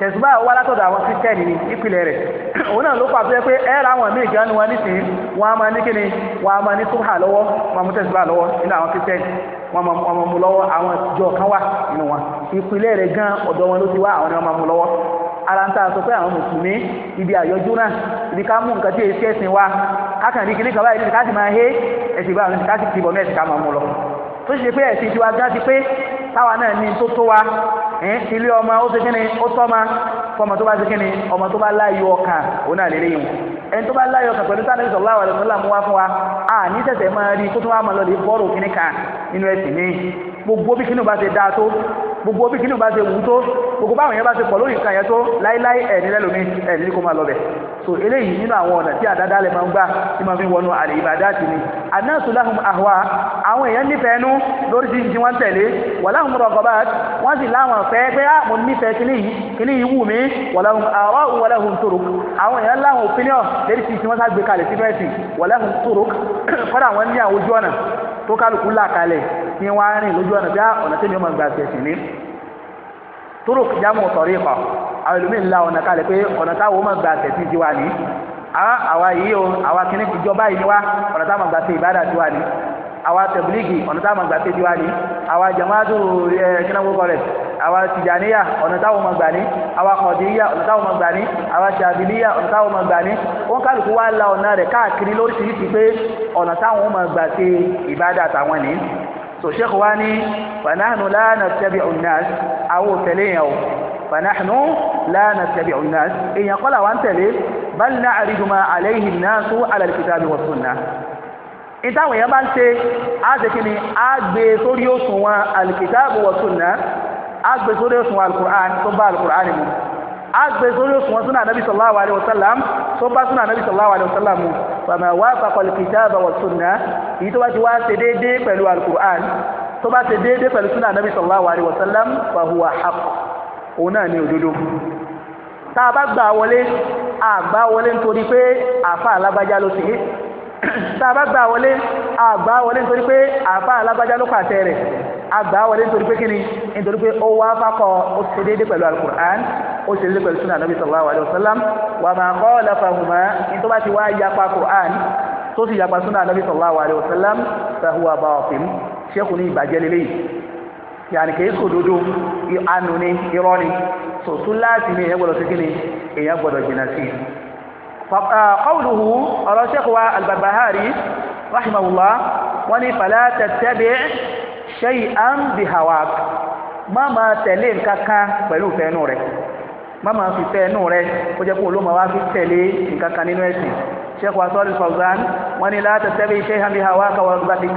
tẹ̀sùbá wà látọ̀dọ̀ àwọn kírísítẹ́nì ní ìpìlẹ̀ rẹ̀ òun náà ló fà tó yẹ pé ẹ́ra àwọn míì gan ni wọ́n nísìnyí wọ́n á máa ní kíni wọ́n á máa ní súnhà lọ́wọ́ wọ́n mú tẹ̀sùbá lọ́wọ́ nínú àwọn kírísítẹ́nì wọ́n máa mú lọ́wọ́ àwọn ìjọ kan wà nínú wọn ìpìlẹ̀ rẹ̀ gan ọ̀dọ̀ wọn ló ti wá àwọn ni wọ́n máa mú lọ́wọ́ ara ń ta sọ pé àwọn mùsùlùmí ibi àyọjú náà ibi ká mú nǹkan tí èsì ẹ̀sìn wa kákan ní kíní kan báyìí ní ká sì máa hé ẹ̀sìn ìgbà àwọn ẹ̀sìn ká sì ti bọ̀ mẹ́ẹ̀sì ká máa mú lọ tó ṣe pé ẹ̀sìn tiwa gan ti pé káwa náà ní tó tó wa ilé ọmọ ó ṣe kíni ó tọ́ ma fọmọ tó bá ṣe kíni ọmọ tó bá láyọ̀ ọkàn òun náà lè rí yìí ẹni tó bá láyọ̀ ọkàn pẹ̀lú sáà nígbà láwàlẹ̀ mú wá fún wa à ní tẹ̀sẹ̀ máa rí kó tó wá máa lọ bọ́ọ̀rù kíní nínú ẹ̀sìn míì gbogbo bí kínú bá ṣe dáa tó gbogbo bí kínú bá ṣe wù tó gbogbo báwọn yẹn bá ṣe pọ̀ lórí nǹkan yẹn tó láíláí ẹ̀ní lẹ́lòmí ẹ̀ní ní kó máa lọ́bẹ̀ so eléyìí nínú àwọn ọ̀nà tí àdáda lẹ̀ máa ń gbà tí máa fi wọnú àlè ìbàdàtì ni anáàtú láhùn àwa àwọn èèyàn nífẹ̀ẹ́ nú lórí ti ń jí wọ́n tẹ̀lé wà láhùn rọ̀gọ́bà wọ́n sì láwọn fẹ́ pé á ah, mo nífẹ̀ẹ́ kíní yìí kíní yìí wù mí wà láhùn àwa wà láhùn tòrò àwọn èèyàn láwọn opinion lórí ti ti wọ́n sá gbé kalẹ̀ sí mẹ́sì wà láhùn tòrò kọ́dà wọ́n ní àwọn ojú ọ̀nà tó kálukú là kalẹ̀ ní wọ́n á rìn lójú ọ̀nà bí ọ̀nà tí mi ò máa gbà tẹ̀sìn ní turuq jamu tariqa àwọn ẹlòmíì ńlá ọ̀nà kalẹ̀ pé ọ̀nà táwọn máa gbà tẹ̀sìn ti wà ní àwa yìí o àwa kìíní ìjọba yìí ni wá ọ̀nà táwọn máa gbà tẹ̀ ìbádà ti wà ní àwa tẹ̀bílígì ọ̀nà táwọn máa gbà tẹ̀ ti wà ní àwa jamaatu ẹ̀ kínáwó kọ́lẹ̀ àwa tìjàníyà ọ̀nà táwọn ọmọ gbà ní àwa kọ̀díyà ọ̀nà táwọn ọmọ gbà ní àwa ṣàbílíyà ọ̀nà táwọn ọmọ gbà ní wọn kálukú wá la ọ̀nà rẹ̀ káàkiri lóríṣiríṣi pé ọ̀nà táwọn ọmọ gbà ṣe ìbádà táwọn ní so sheikh wa ni fanahnu la nattabi unnas àwọn òtẹ̀lé yẹn o fanahnu la nattabi unnas èèyàn kọ́ làwọn tẹ̀lé bal na'ridu ma alayhi an-nasu ala ìtàwọn èèyàn bá ń ṣe á ṣe kí ni á gbé e sórí òṣùwọ̀n al-kitabu wa agbe sórí òṣùwọ̀n alukur'an tó bá alukur'an mu agbe sórí òṣùwọ̀n súnà anabi sallallahu alayhi wa sallam tó bá súnà anabi sallallahu alayhi wa sallam mu fàmà wà fàkọlì kìtàbà wà súnà èyí tó bá ti wá ṣe déédéé pẹ̀lú alukur'an tó bá ṣe déédéé pẹ̀lú súnà anabi sallallahu alayhi wa sallam fahuwa haqq òun náà ní òdodo tá a bá gbà wọlé àgbà wọlé nítorí pé àfa alágbájá ló ti tá a bá gbà wọlé àgbà wọlé nítorí pé àfa alágbájá ló pàṣẹ rẹ̀ àgbà wọlé nítorí pé kíni nítorí pé ó wá fákọ̀ ó ṣe déédé pẹ̀lú alukur'an ó ṣe déédé pẹ̀lú sunan nabi sallallahu alayhi wa sallam wà máa kọ́ lafahuma nítorí wá ti wá yapa kur'an tó sì yapa sunan nabi sallallahu alayhi wa sallam fahuwa baatil ṣékù ní ìbàjẹ́ lélẹ́yìí yàrá kìí sòdodo ànú ni irọ́ ni sòtún láti ní èèyàn gbọ́dọ̀ sí kíni èèyàn gbọ́dọ̀ jìnnà sí i. Ah, qawluhu ọ̀rọ̀ ṣékù wa albarbahari rahimahullah wọ́n ní fala tattabi' ṣẹ́yìn à ń bi hàwà má máa tẹ̀lé nǹkan kan pẹ̀lú fẹ́nu rẹ̀ má máa fi fẹ́nu rẹ̀ ó jẹ́ kó o ló máa wá fi tẹ̀lé nǹkan kan nínú ẹ̀sìn ṣẹ́kọ̀ọ́ asọ́lù fọ̀gán wọn ni láti tẹ́lẹ̀ iṣẹ́ hàn bí hàwà kàwọn gbàdí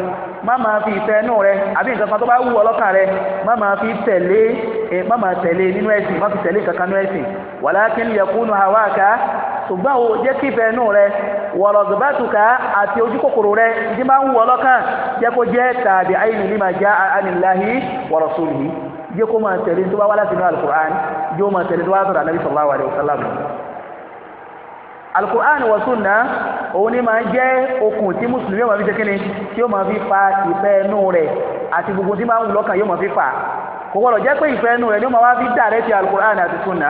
má máa fi fẹ́nu rẹ̀ àbí nǹkan kan tó bá wù ọlọ́kàn rẹ̀ má máa fi tẹ̀lé eh, má máa tẹ̀lé nínú ẹ̀sìn má fi tẹ̀lé nǹkan kan nínú ẹ̀sìn wàlákìn ṣùgbọ́n àwọn òjẹ́ kífẹ́ inú rẹ wọ̀rọ̀gbẹ́tùkà àti ojúkòkòrò rẹ ìdí máa ń wọ ọlọ́kàn jẹ́ kó jẹ́ tàbí àyìnì lima já aniláhi warasulihi jẹ́ kó máa tẹ̀lé tó bá wá láti inú alukur'an jẹ́ kó máa tẹ̀lé tó bá sọ̀rọ̀ anabi sallallahu alayhi wa sallam. alukur'an wa kò gbọ́dọ̀ jẹ́ pé ìfẹ́ inú rẹ̀ ni ó máa wá fi dàrẹ́ ti alukur'an àti sunna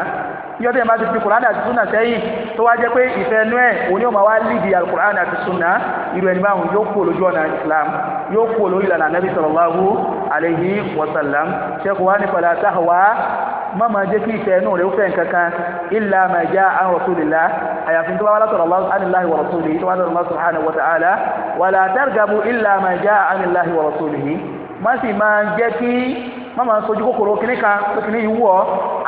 yóò tẹ̀ máa ti fi kur'an àti sunna sẹ́yìn tó wá jẹ́ pé ìfẹ́ inú ẹ̀ òun ni ó máa wá líbi alukur'an àti sunna irú ẹni báwọn yóò kú olójú ọ̀nà islam yóò kú olórí ìlànà nabi sallallahu alayhi wa sallam ṣẹ́kù wá ní fala tahwa má máa jẹ́ kí ìfẹ́ inú rẹ̀ ó fẹ́ nǹkan kan illa ma an rasulillah àyàfi tó bá wá látọ̀rọ̀ anillahi wa rasulihi má sì máa jẹ́ kí wọ́n máa ń sojú kòkòrò kìíní kan tó kìíní yìí wọ̀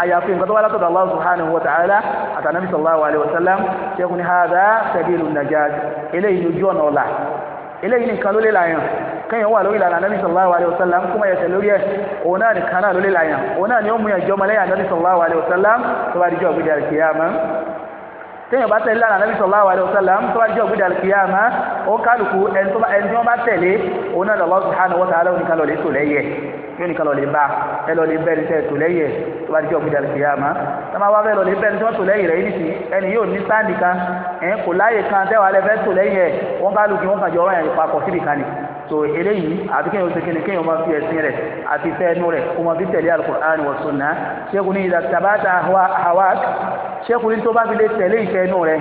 àyàfi nǹkan tó wá látọ̀dọ̀ Allah subhanahu wa ta'ala àtànàbí sallallahu alayhi wa sallam ṣẹ́kùn ní hadha sabilu najat eléyìí ni ojú ọ̀nà ọ̀la eléyìí nìkan ló lè láyàn kẹ́yìn wà lórí ìlànà anábì sallallahu alayhi wa sallam kó máa yẹsẹ̀ lórí ẹ̀ òun náà nìkan náà ló lè láyàn òun náà ni ó mú yàn jọmọ lẹ́yìn anábì sallallahu alayhi wa sallam tó bá dijọ́ ògbéjà kìyàmá tẹ́yìn bá tẹ̀lé lánàá nàbí sallallahu alaihi wasallam tó bá jẹ́ ògbédà kíyàmá ó kálukú ẹni tí bá tẹ̀lé òun náà lọ́wọ́ subhanahu wa ta'ala oníkálọ̀ lẹ́tò lẹ́yẹ yóò ní kálọ̀ lè bá ẹ lọ lè bẹ́ẹ̀ ní sẹ́ẹ̀ tó lẹ́yìn ẹ̀ tó bá dijọ́ gbìdà lùkìyà mọ́ tọ́mọ wa bẹ́ẹ̀ lọ lè bẹ́ẹ̀ ní sọ́ọ́ tó lẹ́yìn rẹ̀ yìí nìsí ẹni yóò ní sáǹdì kan ẹ̀ kò láàyè kan tẹ́wàá lẹ́ fẹ́ tó lẹ́yìn ẹ̀ wọ́n ká lùkì wọ́n kàn jọ ọ̀rọ̀ yẹn papọ̀ síbì kan ni so eléyìí àti kéèyàn ṣe kíni kéèyàn máa fi ẹ̀sìn rẹ̀ àti fẹ́ẹ́nu rẹ̀ kó máa fi tẹ̀lé alukur'an wa sunna ṣékùn ní ìdá tabata hawa ṣékùn ní tó bá fi lè tẹ̀lé ìfẹ́ẹ́nu rẹ̀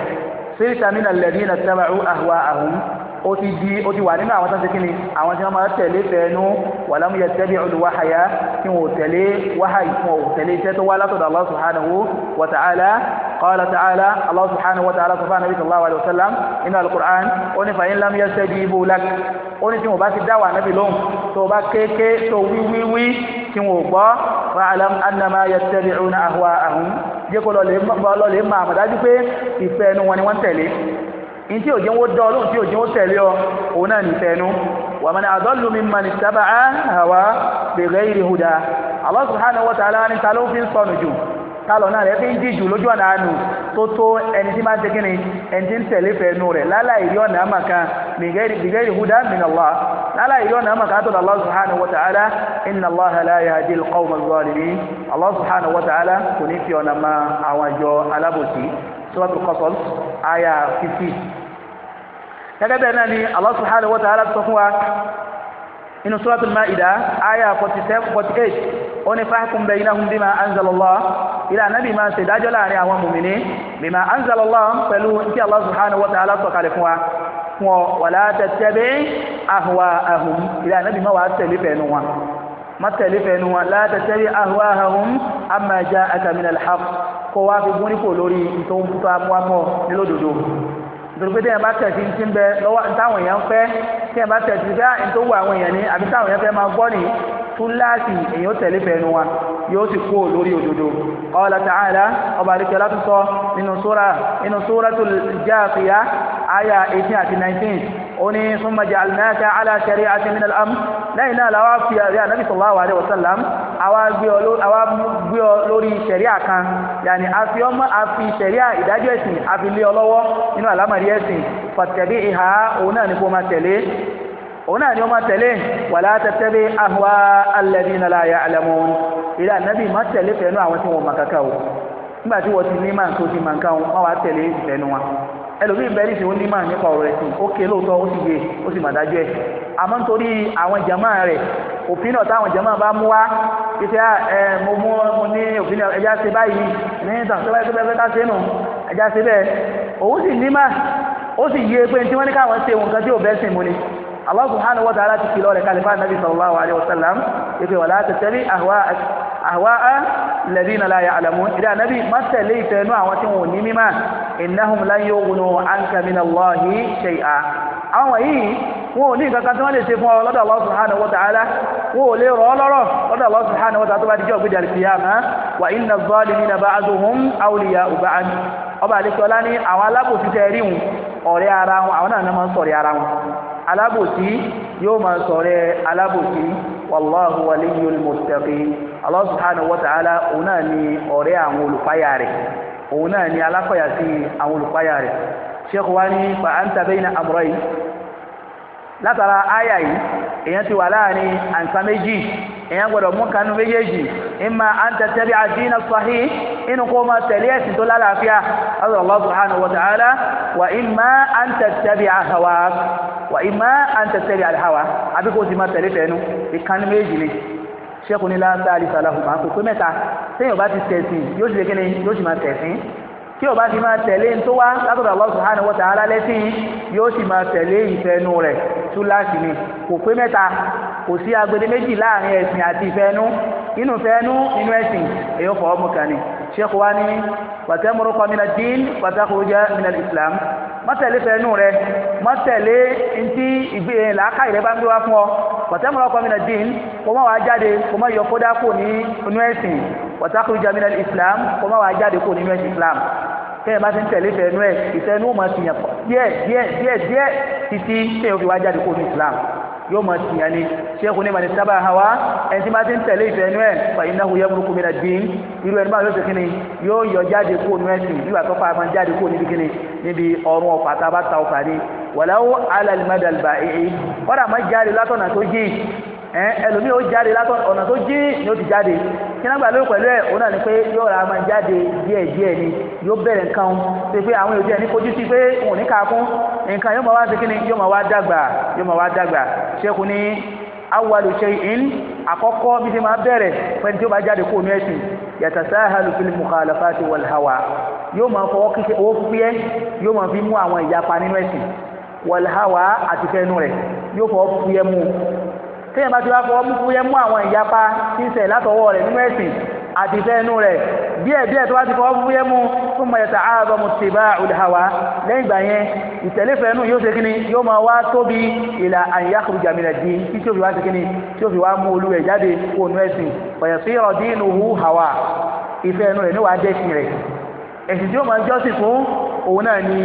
sírìtàmínà lẹ́dínà tábàrú àhùwà àhùn ó ti di ó ti wà nínú àwọn tó ń ṣe kí ni àwọn tí wọ́n máa tẹ̀lé fẹ́ẹ́nu wà láwọn yẹ tẹ́lẹ̀ olùwàhàyà tí wọ́n ò tẹ̀lé wáhàyí wọn ò tẹ̀lé iṣẹ́ tó wá látọ̀dọ̀ Allah subhanahu wa ta'ala qala ta'ala Allah subhanahu wa ta'ala sọfà nàbí sallallahu alayhi wa sallam inú alukur'an ó ní fàyín lam yastajibu lak ó ní tí wọ́n bá ti dá wà nàbí lóhùn tó bá kéèké ntí òjì ń wó dọ́ ọlọ́run tí òjì ń wó tẹ̀lé ọ òun náà ní fẹ́nu wa man adallu mimman ittaba'a hawa bighayri huda Allah subhanahu wa ta'ala ní ta ló fi ń sọnù jù kálọ̀ náà rẹ̀ fi ń díjù lójú ọ̀nà àánú tó tó ẹni tí máa ń segin ni ẹni tí ń tẹ̀lé fẹ́nu rẹ̀ láláì rí ọ̀nà àmà kan bighayri huda min Allah láláì rí ọ̀nà àmà kan tó Allah subhanahu wa ta'ala inna Allah la yahdi al adh-dhalimin Allah subhanahu wa ta'ala kò fi ọ̀nà ma àwọn àjọ alábòsí Suratul Qasas àyà gẹ́gẹ́ bẹ́ẹ̀ náà ni Allah subhanahu wa ta'ala sọ fún wa inú suratul Maida aya forty seven forty eight ó ní fahkum baynahum bima anzalallah ilé ànábì máa ṣe ìdájọ́ láàrin àwọn mùmìnì bima anzalallah pẹ̀lú tí Allah subhanahu wa ta'ala sọ kalẹ̀ fún wa fún ọ wà á tẹ̀lé fẹ́ẹ́nu wọn mọ́tẹ̀lé fẹ́nu wọn la tattabi' ahwa'ahum amma nítorí pé tí èèyàn bá tẹ̀sí ti ń bẹ lọ́wọ́ táwọn èèyàn fẹ́ tí èèyàn bá tẹ̀sí bá ń ah, tó wọ àwọn èèyàn ní àbí táwọn èèyàn fẹ́ máa gbọ́ nìyí túláàsì èèyàn tẹ̀lé fẹ́nu wa yóò sì kú lórí òdodo ọ̀la tààlà ọba àdìkẹ́ látúntọ́ nínú sóra nínú sóra tó jáàfìyà àyà eighteen àti nineteen oni summa ja'alnaka ala shari'ati min al-amr lẹ́yìn náà làwọn fi àrí ànábì sallallahu alaihi wasallam àwa gbé ọ lórí ṣẹ̀ríà kan yàní àfi ọmọ àfi ṣẹ̀ríà ìdájọ́ ẹ̀sìn àfi lé ọ lọ́wọ́ nínú àlámàrí ẹ̀sìn fàtẹ̀bí ìhà òun ni kó máa tẹ̀lé òun ni ó máa tẹ̀lé wala tattabi ahwa alladhina la ya'lamun ìlà ànábì má tẹ̀lé fẹ́nu àwọn tí wọ́n mọ̀ kankan o nígbà tí wọ́n ti ní màǹkó ti màǹkà wọn wá tẹ̀lé ìfẹ́nu ẹlòmíì bẹ́ẹ̀rì sí onímọ̀ nípa ọ̀rọ̀ ẹ̀sìn ó ké lóòótọ́ ó sì yé ó sì màdájú ẹ̀ àmọ́ nítorí àwọn jàmá rẹ̀ òfin náà táwọn jàmá bá mú wá títí ẹ mo mú mo ní òfin náà ẹja ṣe báyìí ní ìtàn tó báyìí tó bẹ́ẹ̀ ká ṣe nù ẹja ṣe bẹ́ẹ̀ òun sì nímọ̀ ó sì yé pé tí wọ́n ní káwọn ṣe nǹkan Allah subhanahu wa ta'ala ti fi lọ́rẹ̀ kalẹ̀ fún anabi sallallahu alayhi wa sallam ife wàlá tẹ̀lé àhùwà alladhina la ya'lamun ìdá anabi má tẹ̀lé ìfẹ́nu àwọn tí wọn ò ní mímá innahum lan yughnu anka minallahi shay'a àwọn yìí wọn ò ní nǹkan kan tí wọ́n lè ṣe fún ọ lọ́dọ̀ Allah subhanahu wa ta'ala wọn ò lè rọ̀ ọ́ lọ́rọ̀ lọ́dọ̀ Allah subhanahu wa ta'ala tó bá dijọ́ gbé dàrí fìyàmá wa inna adh-dhalimina ba'duhum awliya'u ba'd ọba àdékọ́lá ní àwọn alábòsí tẹ́ rí wọn ọ̀rẹ́ ara wọn àwọn náà ní wọ́n sọ̀rẹ́ ara wọn alábòsí yóò máa sọ̀rẹ́ alábòsí wàláhu waliyyul muttaqin Allah subhanahu wa ta'ala òun náà ni ọ̀rẹ́ àwọn olùpáyà rẹ̀ òun náà ni alápáyà sí àwọn olùpáyà rẹ̀ látara àyà yìí èèyàn ti wà láàrin àǹsà méjì èèyàn gbọ́dọ̀ mú kanú méjèèjì imma an tattabi'a ad-dina as-sahih inú kó máa tẹ̀lé ẹ̀sìn tó lálàáfíà Allah subhanahu wa ta'ala wa imma an tattabi'a hawa wa imma an tattabi'a al-hawa àbí kó ti máa tẹ̀lé fẹ́nu ìkanú méjì ni ṣẹ́kùn ní láńtà àlìsàlàhùn kò pé mẹ́ta téèyàn bá ti tẹ̀sìn yóò sì tí o bá ti máa tẹ̀lé ń tó wá látọ̀dọ̀ Allah subhanahu wa ta'ala lẹ́sìn yóò sì máa tẹ̀lé ìfẹ́nu rẹ̀ túláàsì ni kò pé mẹ́ta kò sí agbede méjì láàrin ẹ̀sìn àti ìfẹ́nu inú ìfẹ́nu inú ẹ̀sìn èyí fọ́ ọmọ kan ni Sheikh wa ni pàtẹ́mùrúkọ mina dín pàtàkùrújẹ mina Islam mọ́tẹ̀lé fẹ́nu rẹ mọ́tẹ̀lé ntí ìgbé eh, làákà ìrẹ́ bá ń gbé wá fún kẹ́yìn bá ti ń tẹ̀lé fẹ́nu ẹ̀ ìfẹ́nu ó máa ti yàn díẹ̀ díẹ̀ díẹ̀ díẹ̀ títí kẹ́yìn ó fi wá jáde kó ní Islam yóò máa ti yàn ni sẹ́kù ní màní sábà hawa ẹni tí bá ti ń tẹ̀lé ìfẹ́nu ẹ̀ fà iná hu yẹ́mú kúmi náà dín irú ẹni báyìí ó ti kíni yóò yọ jáde kó nu ẹ̀sìn bí wàá tọ́pá máa jáde kó níbi kíni níbi ọ̀run ọ̀fà tá a bá ta ọ̀fà ni wàláwó ó kíná gbà lórí pẹ̀lú ẹ̀ òun náà ni pé yóò ra máa jáde díẹ̀ díẹ̀ ni yóò bẹ̀rẹ̀ nǹkan ń ṣe pé àwọn èèyàn ní kojú sí pé òun ní kaakún nǹkan yóò máa wá sí kíni yóò máa wá dàgbà yóò máa wá dàgbà ṣẹ́kù ní awwalu shay'in àkọ́kọ́ bí ṣe máa bẹ̀rẹ̀ pẹ̀lú tí ó bá jáde kó omi ẹ̀sìn yatasahalu fil mukhalafati wal hawa yóò máa fọwọ́ kíkẹ́ owó fúfúyẹ́ yóò máa fi mú àwọn ìyapa nínú ẹ̀sìn wal hawa àti fẹ́nu rẹ̀ yóò fọwọ́ fúfúyẹ́ mú téèyàn bá ti wá fọwọ́ mú fúyẹ́ mú àwọn ìyapa tí ń ṣẹ̀ látọwọ́ rẹ̀ nínú ẹ̀sìn àti ìfẹ́ inú rẹ̀ díẹ̀ díẹ̀ tó bá ti fọwọ́ fúyẹ́ mú fún mọ̀yẹ̀tà ààbọ̀mù ti bá olùhàwá lẹ́yìn ìgbà yẹn ìtẹ̀lẹ́fẹ́ inú yóò ṣe kíni yóò máa wá tóbi ìlà àyíyákùrù jàmìlẹ̀ dín tí tí ó fi wá ṣe kíni tí ó fi wá mú olúwẹ̀ jáde kó onú ẹ̀sìn ọ̀yẹ̀sí ọ̀dínú hù hàwá ẹ̀sìn tí ó máa jọ́sìn fún òun náà ni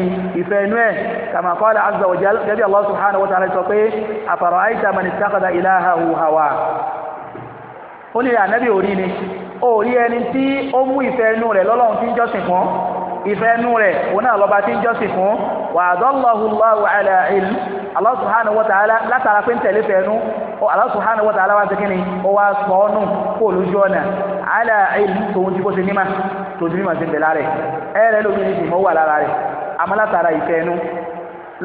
ìfẹ́ inú ẹ̀ kama qala azza wa jalla gẹ́gẹ́ Allah subhanahu wa ta'ala sọ pé afara'ayta man ittakhadha ilahahu ìfẹ́ nú rẹ̀ òun náà lọ́ba tí ń jọ́sìn fún wa adallahu Allahu ala ilm Allah subhanahu wa ta'ala látara pé ń tẹ̀lé fẹ́ nú Allah subhanahu wa ta'ala wá sí kíni ó wá sọ ọ́ nù kó lójú ọ̀nà ala tòun ti kó ti nímà tòun ti nímà ti ń bẹ̀ lára rẹ̀ ẹ̀rẹ́ lómi ní ìmọ̀ wà lára rẹ̀ àmọ́ ìfẹ́ nú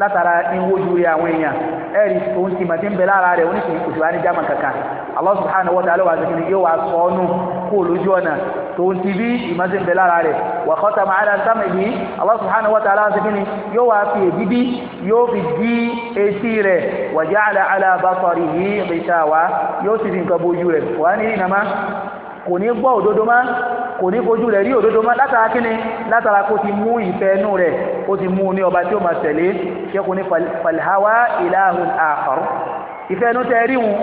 látara ìwójú rẹ̀ àwọn èèyàn ẹ̀rí òun ti màtí ń bẹ lára rẹ̀ oníṣẹ́ òṣùwà ní jámà kankan Allah subhanahu wa ta'ala wà sí kìnnìkì yóò wá sọ ọ́ nù kó lójú ọ̀nà tòun ti bí ìmọ̀sí ń bẹ lára rẹ̀ wa khatama ala sam'ihi Allah subhanahu wa ta'ala wà sí kìnnì yóò wá fi èdí bí yóò fi dí etí rẹ̀ wa ja'ala ala basarihi ghishawa yóò sì fi nǹkan bójú rẹ̀ wà ní ìnàmá kò ní gbọ́ òdodo má kò ní fojú rẹ̀ rí òdodo mọ́ látara kíni látara kó ti mú ìfẹ́ inú rẹ̀ ó ti mú ní ọba tí ó máa tẹ̀lé ṣẹ́kùn ní falhawa ilahun akhar ìfẹ́ inú tẹ́ rí wọn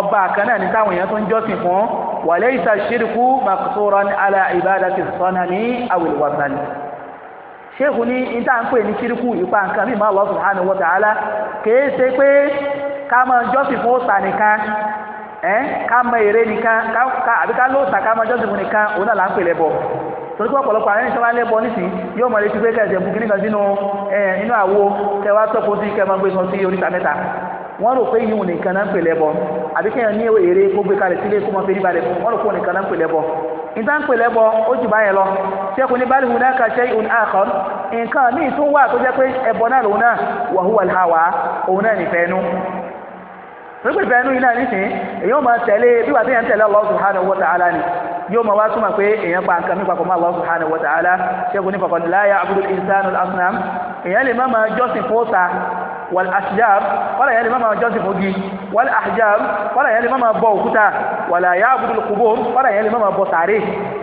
ọba kan náà táwọn èèyàn tó ń jọ́sìn fún wàlẹ́ ìta ṣírkú maksuran ala ibadati sanami awil wasan ṣéèkù ní ìta ń pè ní ṣírkú ipa nǹkan mímọ́ Allah subhanahu wa ta'ala pé ká máa jọ́sìn fún òsà nìkan Ka ká mọ èrè nìkan ká ka ká lóòótá ká mọ jọ́sìn fún nìkan o náà là ń pè lẹ́bọ torí pé ọ̀pọ̀lọpọ̀ àwọn ènìyàn bá lẹ́bọ nísìn yóò mọ̀ létí pé kẹ̀sẹ̀ sínú inú sí gbé sọ sí oríta rò pé nìkan náà ń àbí ní sílé kó rò pé nìkan náà ń nǹkan ó jù pípé ìfẹ́ inú yìí náà nísìnyí èyí ó máa tẹ̀lé bí wàá tẹ̀yàn tẹ̀lé Allah subhanahu wa ta'ala ni yóò máa wá túmọ̀ pé èyàn pa nǹkan mi papọ̀ mọ́ Allah subhanahu wa ṣẹ́gun ní papọ̀ la ya'budu al-insanu èyàn lè má máa jọ́sìn fóòta wal ashjab wala yẹn lè má máa jọ́sìn fún igi wal ahjab wala yẹn lè má máa bọ òkúta wala ya'budu al-qubur wala yẹn lè má máa bọ sàárè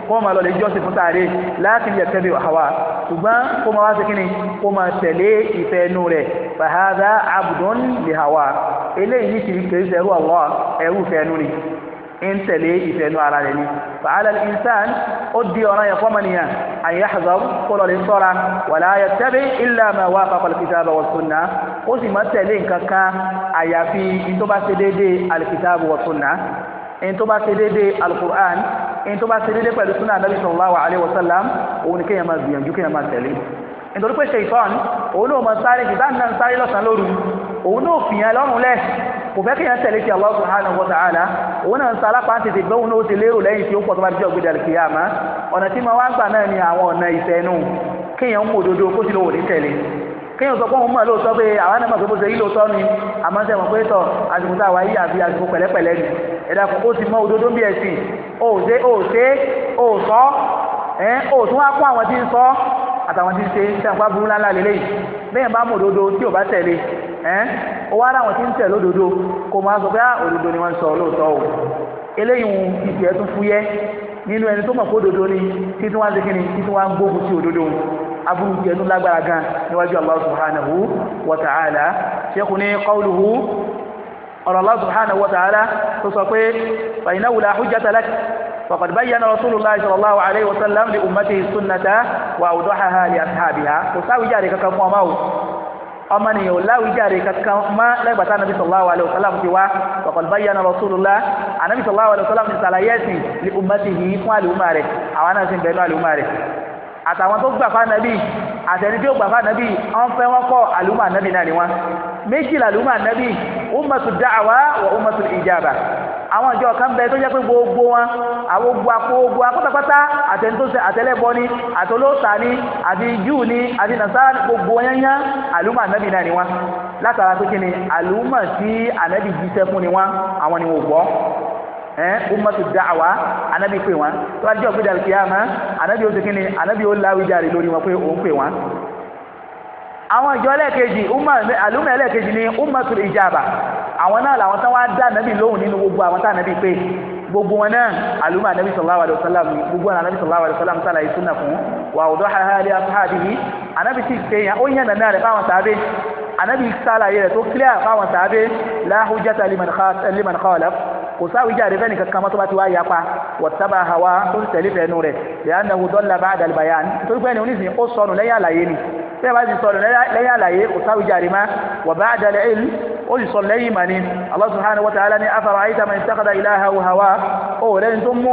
kó máa lọ lè jọ́sìn fún sàárè láti yẹ tẹ́lẹ̀ àwa ṣùgbọ́n kó máa wá sí kínní kó máa tẹ̀lé ìfẹ́ inú rẹ̀ fahadha abdun lihawa eléyìí kì í kì í ṣẹ̀rú Allah ẹ̀rú ìfẹ́ inú ni ń tẹ̀lé ìfẹ́nu ara rẹ̀ ni fàálà ìsàn ó di ọ̀ràn yẹn fọ́mọnìyàn àyè àzọ kó lọ lè sọ́ra wàlá ayẹ tẹ́bí ilà máa wá papọ̀ kìtàbà wọ̀ sunna ó sì má tẹ̀lé nǹkan kan àyàfi ìtó bá ṣe déédéé alìkìtàbà wọ̀ sunna ìtó bá ṣe déédéé alukur'an ìtó bá ṣe déédéé pẹ̀lú sunna anabi sallallahu alayhi wa sallam òun ni kéèyàn máa gbìyànjú kéèyàn máa tẹ̀lé nítorí pé ṣèitán òun náà máa sáré kìtà náà sáré lọ́sàn-án lóru òun náà fi yẹn lọ́rùn lẹ̀ kò fẹ́ kéèyàn tẹ̀lé ti Allah subhanahu wa ta'ala òun náà ń sa alápá ń tètè náà ó ti lérò lẹ́yìn tí ó pọ̀ tó bá bí ọ̀gbìn dàlù kìí àmọ́ ọ̀nà tí mo wá ni àwọn ọ̀nà kéèyàn ń mú òdodo kó sì lówó ní tẹ̀lé kéèyàn sọ ni àmọ́ sẹ́wọ̀n pé tọ̀ a ti bẹ́ẹ̀ bá mọ̀ òdodo tí ò bá ẹ́ ó wá ráwọn tí ń tẹ̀ lódodo kó máa sọ pé ah, òdodo ni wọ́n sọ lóòótọ́ o eléyìí ń fi tiẹ̀ tún fúyẹ́ nínú ẹni tó mọ̀ pé òdodo ni títí wọ́n á ṣe kíni títí wọ́n á gbógun sí òdodo aburú tiẹ̀ tún lágbára gan níwájú Allah subhanahu wa ta'ala ṣẹ́kù ní qawluhu ọ̀rọ̀ Allah subhanahu wa ta'ala tó sọ pé fa innahu la hujjata lak فقد بين رسول الله صلى الله عليه وسلم لأمته السنة وأوضحها لأصحابها وساوي جاري كما ọmọnìyàn ò láwùjáde kankan má lẹ́gbàtà nàbí sallallahu alaihi wasallam ti wá faqad bayyana rasulullah ànàbí sallallahu alaihi wasallam ti sàlàyé ẹ̀sìn li ummatihi fún àlùmọ́ rẹ̀ àwọn náà sì ń bẹ̀rù àlùmọ́ rẹ̀ àtàwọn tó gbà fún anabi àtẹni tí ó gbà fún anabi wọn fẹ́ wọn kọ́ àlùmọ́ anabi náà ni wọn méjìlá àlùmọ́ anabi ummatu da'wa wa ummatu ijaba àwọn ìjọ kan bẹ tó jẹ́ pé gbogbo wọn àwọn gbogbo àpò gbogbo apátápátá àtẹnudọ́sẹ àtẹlẹ́bọ ni àtọlọ́sà ni àti júù ni àti nàṣàrà gbogbo yányá àlùmọ́ ànábì náà ni wọn látara pé kí ni àlùmọ́ sí ànábì jíṣẹ́ fún ni wọn àwọn ni wọn gbọ́ ẹ umatu da'wa anabi pè wọn tó bá jẹ́ òpin dàlùkìyàmá anabi ó ti kí ni anabi ó láwùjáre lórí wọn pé òun pè wọn àwọn ìjọ ẹlẹ́ẹ̀kejì àlùmọ̀ ẹlẹ́ẹ̀kejì ni ummatu ìjàbà àwọn náà làwọn tán wá dá ànábì lóhùn nínú gbogbo àwọn tán ànábì pé gbogbo wọn náà àlùmọ̀ ànábì sallallahu alaihi wasallam gbogbo àwọn ànábì sallallahu alaihi wasallam sàlàyé súnà fún wa ọ̀dọ́ ha ha rí aṣọ ha dìbí ànábì sì ṣe yẹn ó yẹn nàná rẹ̀ fáwọn sàábé ànábì sálàyé rẹ̀ tó clear fáwọn sàábé láhùjẹ́ta liman khalaf kò sáwìí jáde fẹ́ni kankan mọ́tò bá ti wá yapa wọ̀tábà hawa tó ń tẹ̀lé fẹ́nu rẹ̀ lẹ́yìn náà dọ́là bá àdàlùbáyà nítorí pé ní onísìn ó sọnù lẹ́yìn àlàyé ni tẹ́ẹ̀ bá ti sọnù lẹ́yìn àlàyé kò sáwìí jáde má wà bá àdàlẹ̀ ẹ̀lú ó sì sọnù lẹ́yìn ìmọ̀ ni Allah subhanahu wa ta'ala ní afara ayé tamani takada ilaha hawa ó lẹ́ni tó mú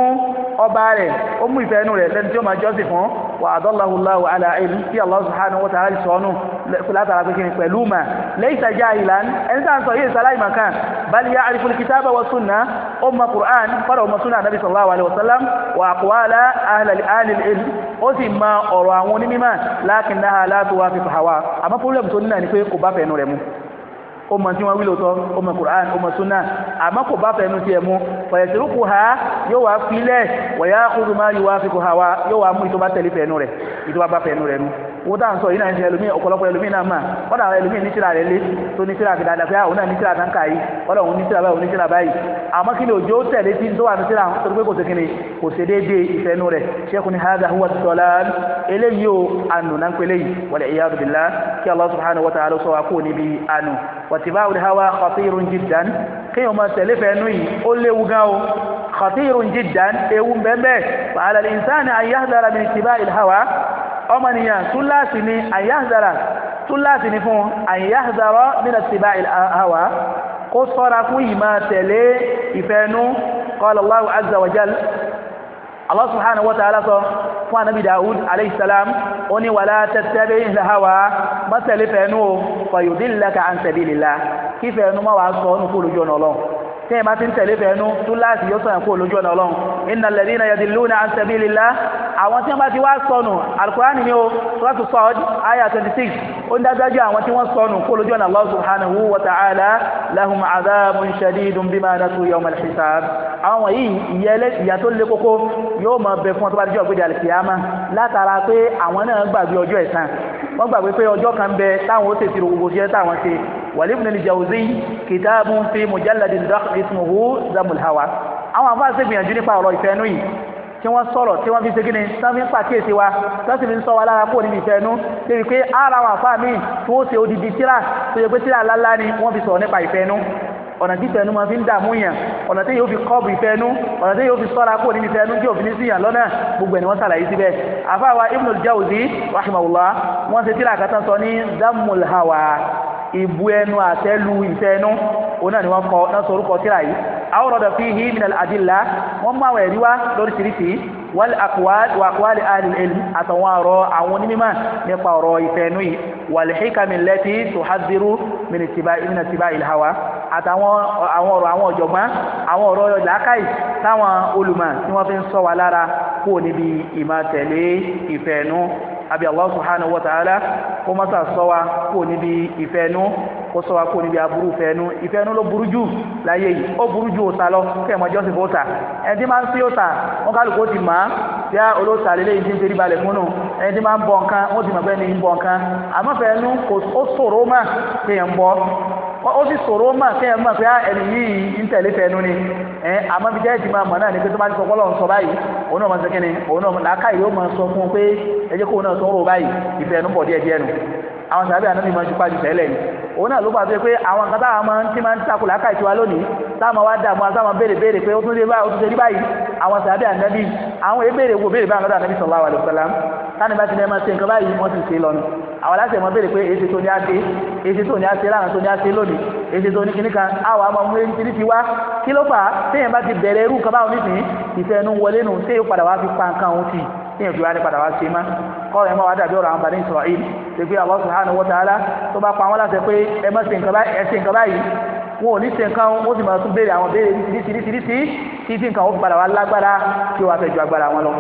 ọba rẹ̀ ó mú ìfẹ́nu rẹ̀ lẹ́ni tí ó máa jọ́sìn fún wa adallahu Allahu ala ilm tí Allah subhanahu wa ta'ala sọnù látara pé pẹ̀lú mà ìmà laysa jahilan ẹni tá à ń sọ yìí sálá ìmà kan bal ya'riful kitaba wa sunna ó mọ quran fọ́dọ̀ ọmọ sunna anabi sallallahu alayhi wa sallam wa aqwala ahlil ahlil ilm ó sì mọ ọ̀rọ̀ àwọn onímọ̀ lakinnaha la tuwafiqu hawa àmọ́ problem tó ní náà ni pé kò bá fẹ́ẹ́ nù rẹ̀ mu ó mọ tí wọn wí lóòótọ́ ó mọ quran ó mọ sunna àmọ́ kò bá fẹnu tiẹ̀ mu fẹ̀yẹ̀sìrúkù ha yóò wá filẹ̀ wọ̀yá kúrú máa yóò wá fi kò ha wa yóò wá mú ìtọ́ba tẹ̀lé fẹnu rẹ̀ ìtọ́ba bá fẹnu rẹ̀ nu wọ́n tà ń sọ yìí náà ń ṣe ẹlòmíì ọ̀pọ̀lọpọ̀ ẹlòmíì náà mà wọ́n dàrọ ẹlòmíì ní tíra rẹ̀ lé tó ní tíra fìdá dàbí àwọn náà ní tíra náà ń kà yìí wọ́n dàrọ ní tíra báyìí ní tíra báyìí àmọ́ kí ni òjò tẹ̀lé tí tó wà ní tíra tó pé kò sí kíni kò sí déédéé ìfẹ́nu rẹ̀ ṣẹ́kun ni hadha huwa dalal eléyìí o ànù náà ń pè léyìí ó ọmọnìyàn túláàsì ni àyáhàzára túláàsì ni fún àyáhàzára nínú tìbá àwà kó sọ́ra fún ìmọ̀ tẹ̀lé ìfẹ́nu qala Allahu azza wa jal Allah subhanahu wa ta'ala sọ fún anabi Dawud alayhi salam ó ní wala tattabi' al-hawa mọ́tẹ̀lé fẹ́nu o tẹ́yìn bá ti ń tẹ̀lé fẹ́ nú túláàsì yóò sọ̀yàn kó lójú ọ̀nà ọlọ́run innal ladhina yadilluna an sabilillah àwọn tí wọ́n bá ti wá sọnù alukurani ni o sọ́tù sọ́ọ̀d aya twenty ó ń dájú àwọn tí wọ́n sọnù kó lójú ọ̀nà Allah subhanahu wa ta'ala lahum adhabun shadidun bima nasu tó le koko ismuhu zamul hawa àwọn àfáà ṣe gbìyànjú nípa ọ̀rọ̀ ìfẹ́ ẹnu yìí tí wọ́n sọ̀rọ̀ tí wọ́n fi ṣe kíni tí wọ́n fi ń pàkíyèsí wa tí wọ́n sì fi ń sọ wa lára kó níbi ìfẹ́ ẹnu débi pé ara àwọn àfáà míì tí wọ́n ṣe odidi tíra tó yẹ pé tíra lálá ni wọ́n fi sọ̀rọ̀ nípa ìfẹ́ ẹnu ọ̀nà tí ìfẹ́nu máa fi ń dààmú yàn ọ̀nà tí yóò fi kọ́ọ̀bù ìfẹ́nu ọ̀nà tí yóò fi sọ́ra kó níbi ìfẹ́nu tí òfin sí yàn lọ́nà gbogbo ẹ̀ ni wọ́n sàlàyé síbẹ̀ àfáàwà Ibn al-Jawzi rahimahullah wọ́n ṣe tíra àkàtà sọ ní dammul hawa ìbu ẹnu àtẹ́lu ìfẹ́nu òun náà ni wọ́n kọ náà sọ orúkọ tíra yìí àwọn ọ̀rọ̀dọ̀ fi hí minal adilla wọ́n mú àwọn ẹ̀rí wá lóríṣiríṣi wal aqwal wa aqwal ahli àtàwọn ọ̀rọ̀ àwọn onímọ̀ nípa ọ̀rọ̀ ìfẹ́nu yìí wal hikam allati tuhadhiru min ittiba'i min àtàwọn àwọn ọ̀rọ̀ àwọn ọ̀jọ̀gbọ́n àwọn ọ̀rọ̀ làákàyè táwọn olùmọ̀ tí wọ́n fi ń sọ wa lára kó níbi ìmọ̀ tẹ̀lé ìfẹ́ àbí Allah subhanahu wa ta'ala kó mọ́sà sọ wa kó níbi ìfẹ́ kó sọ wa kó níbi aburú fẹ́ẹ́nu ìfẹ́ẹ́nu ló burú jù láyé yìí ó burú jù òta lọ kí ẹ̀mọ́ jọ́sìn fún òta ẹni tí máa ń sí òta wọn kálukú ti mà á bí olóòta lélẹ́ yìí ti ń tẹ́rí balẹ̀ fún nù ẹni tí máa ń bọ̀ nǹkan wọ́n ti mọ̀ pé ẹni ń bọ̀ nǹkan àmọ́ fẹ́ẹ́nu ó ṣòro mà kéèyàn ń bọ̀ ó sì ṣòro mà kéèyàn mọ̀ pé ah, ẹni yìí ń tẹ̀lé fẹ́ẹ́nu ni ẹ àmọ́ bí jẹ́ẹ̀tì máa mọ̀ náà ni pé tó bá ti jẹ́ kóun àwọn sàbẹ̀ àná ni mo ti pàjù tẹ́lẹ̀ ni òun náà ló bá tó yẹ pé àwọn nǹkan táwọn máa ń tí máa ń takò lákàá ìtura lónìí táwọn wá dààmú àtàwọn béèrè béèrè pé ó tún ṣe báyìí ó tún ṣe rí báyìí àwọn sàbẹ̀ ànábì àwọn èbèrè wo béèrè báyìí lọ́dọ̀ ànábì sallallahu alaihi wasallam táni bá ti ní ẹ máa ṣe nǹkan báyìí wọ́n ti ṣe lọ ni àwọn aláṣẹ mọ béèrè pé èsì tó ní á ṣe èsì tó ní á ṣe lánàá tó ní á ṣe lónìí èsì tó ní kíní kan àwọn àmọ́ mú èyí ti wá kí ló fà á téèyàn bá ti bẹ̀rẹ̀ irú kan báwọn nísìnyí ìfẹ́ ẹnu wọlé nù téèyàn padà wá fi pa nǹkan òun tì í tí èèyàn fi wá ní padà wá ṣe má kọ́ọ̀rọ̀ ẹ̀ má wá dàbí ọ̀rọ̀ àwọn Bani Isra'il ṣe pé Allah subhanahu wa ta'ala tó bá pa wọ́n láṣẹ pé ẹ má ṣe nǹkan báyìí wọn ò ní ṣe nǹkan ó sì máa tún béèrè àwọn béèrè títí títí nǹkan ó fi padà wá lágbára tí ó wá fẹ́ ju agbára wọn lọ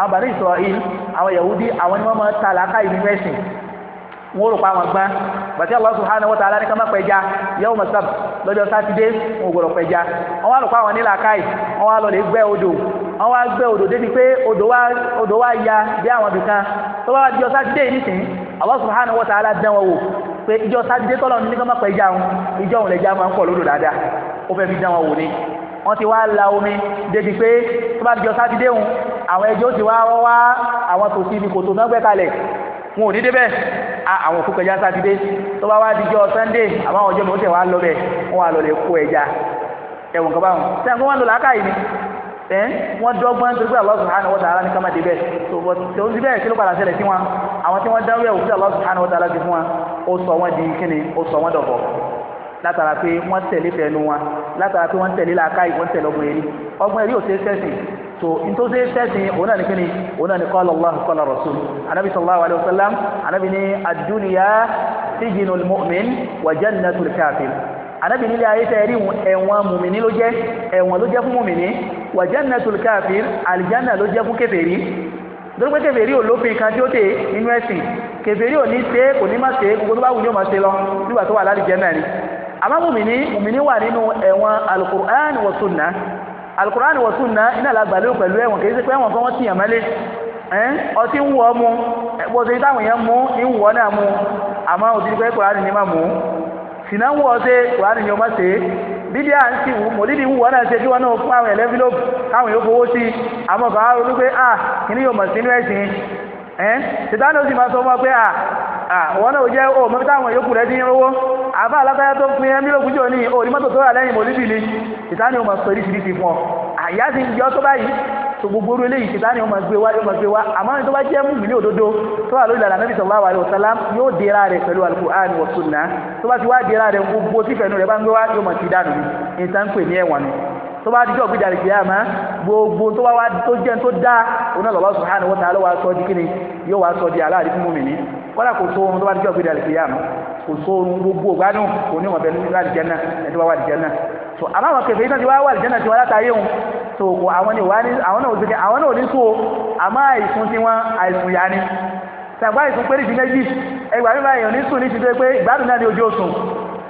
àwọn Bani Isra'il àwọn Yahudi àwọn ni wọ́n máa ta làákàyè nínú ẹ̀sìn wọ́n rò pa àwọn gbá bàtí Allah subhanahu wa ta'ala ní ká má pẹja yawm as-sabt lọ́jọ́ sátidé wọn gbọ́dọ̀ pẹja wọ́n wá rò pa àwọn nílà káì wọ́n wá lọ lè gbẹ́ odò wọ́n wá gbẹ́ odò débi pé odò wá ya bí àwọn ibìkan tó bá wá di sátidé yìí nísìnyí Allah subhanahu wa ta'ala dán wọn wò pé ìjọ sátidé tọ́lọ̀ ní ká má pẹja wọn ìjọ òun lẹ̀já máa ń pọ̀ lódò dáadáa ó fẹ́ fi dán wọn wò ni wọ́n ti wá la omi débi pé tó bá di ọjọ́ sátidé wọn wọn ò ní débẹ̀ àwọn òkú pẹja sátidé tó bá wá dijọ́ sunday àbáwọn ọjọ́ mi ó tẹ̀ wá lọ bẹ̀ wọ́n wá lọ lè kó ẹja ẹ̀wọ̀n kan báwọn sẹ́yìn kó wọ́n lò lákàyè ni ẹ wọ́n dọ́gbọ́n nítorí pé Allah subhanahu wa ta'ala ní ká má débẹ̀ tó bọ́ tó ń dibẹ̀ kí ló padà ṣẹlẹ̀ sí wọn àwọn tí wọ́n dáwọ́ ẹ̀wò sí Allah subhanahu wa ta'ala ti fún wọn ó sọ wọn di kíni ó sọ wọn dọ̀bọ̀ látara pé wọ́n tẹ̀lé fẹ́nu wọn látara pé wọ́n tẹ̀lé làákàyè wọ́n tẹ̀lé ọgbọ́n so ntòsí tẹ̀sìn òun náà ní kíni òun náà ní qala Allahu qala rasul anabi sallallahu alayhi wa sallam anabi ní ad-dunya sijnul mu'min wa jannatul kafir anabi nílé ayé tẹ́ rí ẹ̀wọ̀n mùmìnì ló jẹ́ ẹ̀wọ̀n ló jẹ́ fún mùmìnì wa jannatul kafir àlìjánà ló jẹ́ fún kèfèrí dọ́gbẹ́ kèfèrí ò lófin kan tí ó tè nínú ẹ̀sìn kèfèrí ò ní ṣe kò ní má ṣe gbogbo tó bá wù ní ò má ṣe lọ nígbà tó wà lálìjánà ni àmọ́ mùmìnì mùmìnì wà nínú ẹ̀wọ̀n al-Qur'an alukurani wọ̀ sunna iná làgbàlú pẹ̀lú ẹ̀wọ̀n kì í ṣe pé ẹ̀wọ̀n kan wọ́n ti yàn mẹ́lẹ̀ ọtí ń wọ̀ mu gbọ́dọ̀ yìí táwọn èèyàn mú ń wọ̀ náà mu àmọ́ òtí pé kurani ni má mú sìnà ń wọ̀ ṣe kurani ni ó má ṣe dídí à ń sì wù mọ̀lídì ń wọ̀ náà ṣe kí wọ́n náà fún àwọn ẹ̀lẹ́fílọ́pù káwọn yóò fowó sí àmọ́ bàá ronú pé à ah, kí ni yóò mọ̀ sínú ẹ̀sìn ẹ́ ṣètàní ó sì máa sọ fún ọ pé àwọn náà jẹ́ ó mọ́bí táwọn yòókù rẹ̀ ti ń rówó àbá alágbáyá tó pin ẹ́ mílòkù jò ní òní mọ́tò tó rà lẹ́yìn mòlúbì ni ṣètàní ó máa sọ oríṣiríṣi fún ọ àyà ti ń yọ tó báyìí tó gbogbo orú eléyìí ṣètàní ó máa gbé wá yóò máa gbé wá àmọ́ ní tó bá jẹ́ mùmí ní òdodo tó wà lórí ìlànà nàbìsọ̀ wà wàlẹ̀ ọ̀sálá yóò dira rẹ̀ pẹ̀lú Al-Qur'an wa Sunnah tó bá ti wá dira rẹ̀ gbogbo tí tó bá dijọ́ gbé dàrí kìá mọ́ gbogbo tó bá wá tó jẹ́ tó dá oná lọ́wọ́ subhanahu wa ta'ala wá sọ di kíni yóò wá sọ di aláàrí fún mòmìnì kọ́lá kò tó oorun tó bá dijọ́ gbé dàrí kìá mọ́ kò tó oorun gbogbo gbádùn kò ní ìwọ̀nbẹ̀ nígbà àlìjẹ́nà ẹ̀ tó bá wà àlìjẹ́nà so àmọ́ àwọn kẹfẹ́ iná ti wá wà àlìjẹ́nà ti wá látàrí òun so kò àwọn ni wà ní àwọn náà òṣèlú àwọn náà ò ní so àmọ́ àìsùn tí wọ́n àìsùn yá ni tàgbá àìsùn péré ju méjì ẹgbàá mi máa èèyàn ní sùn ní ti tó pé ìgbádùn náà ni ojú òsùn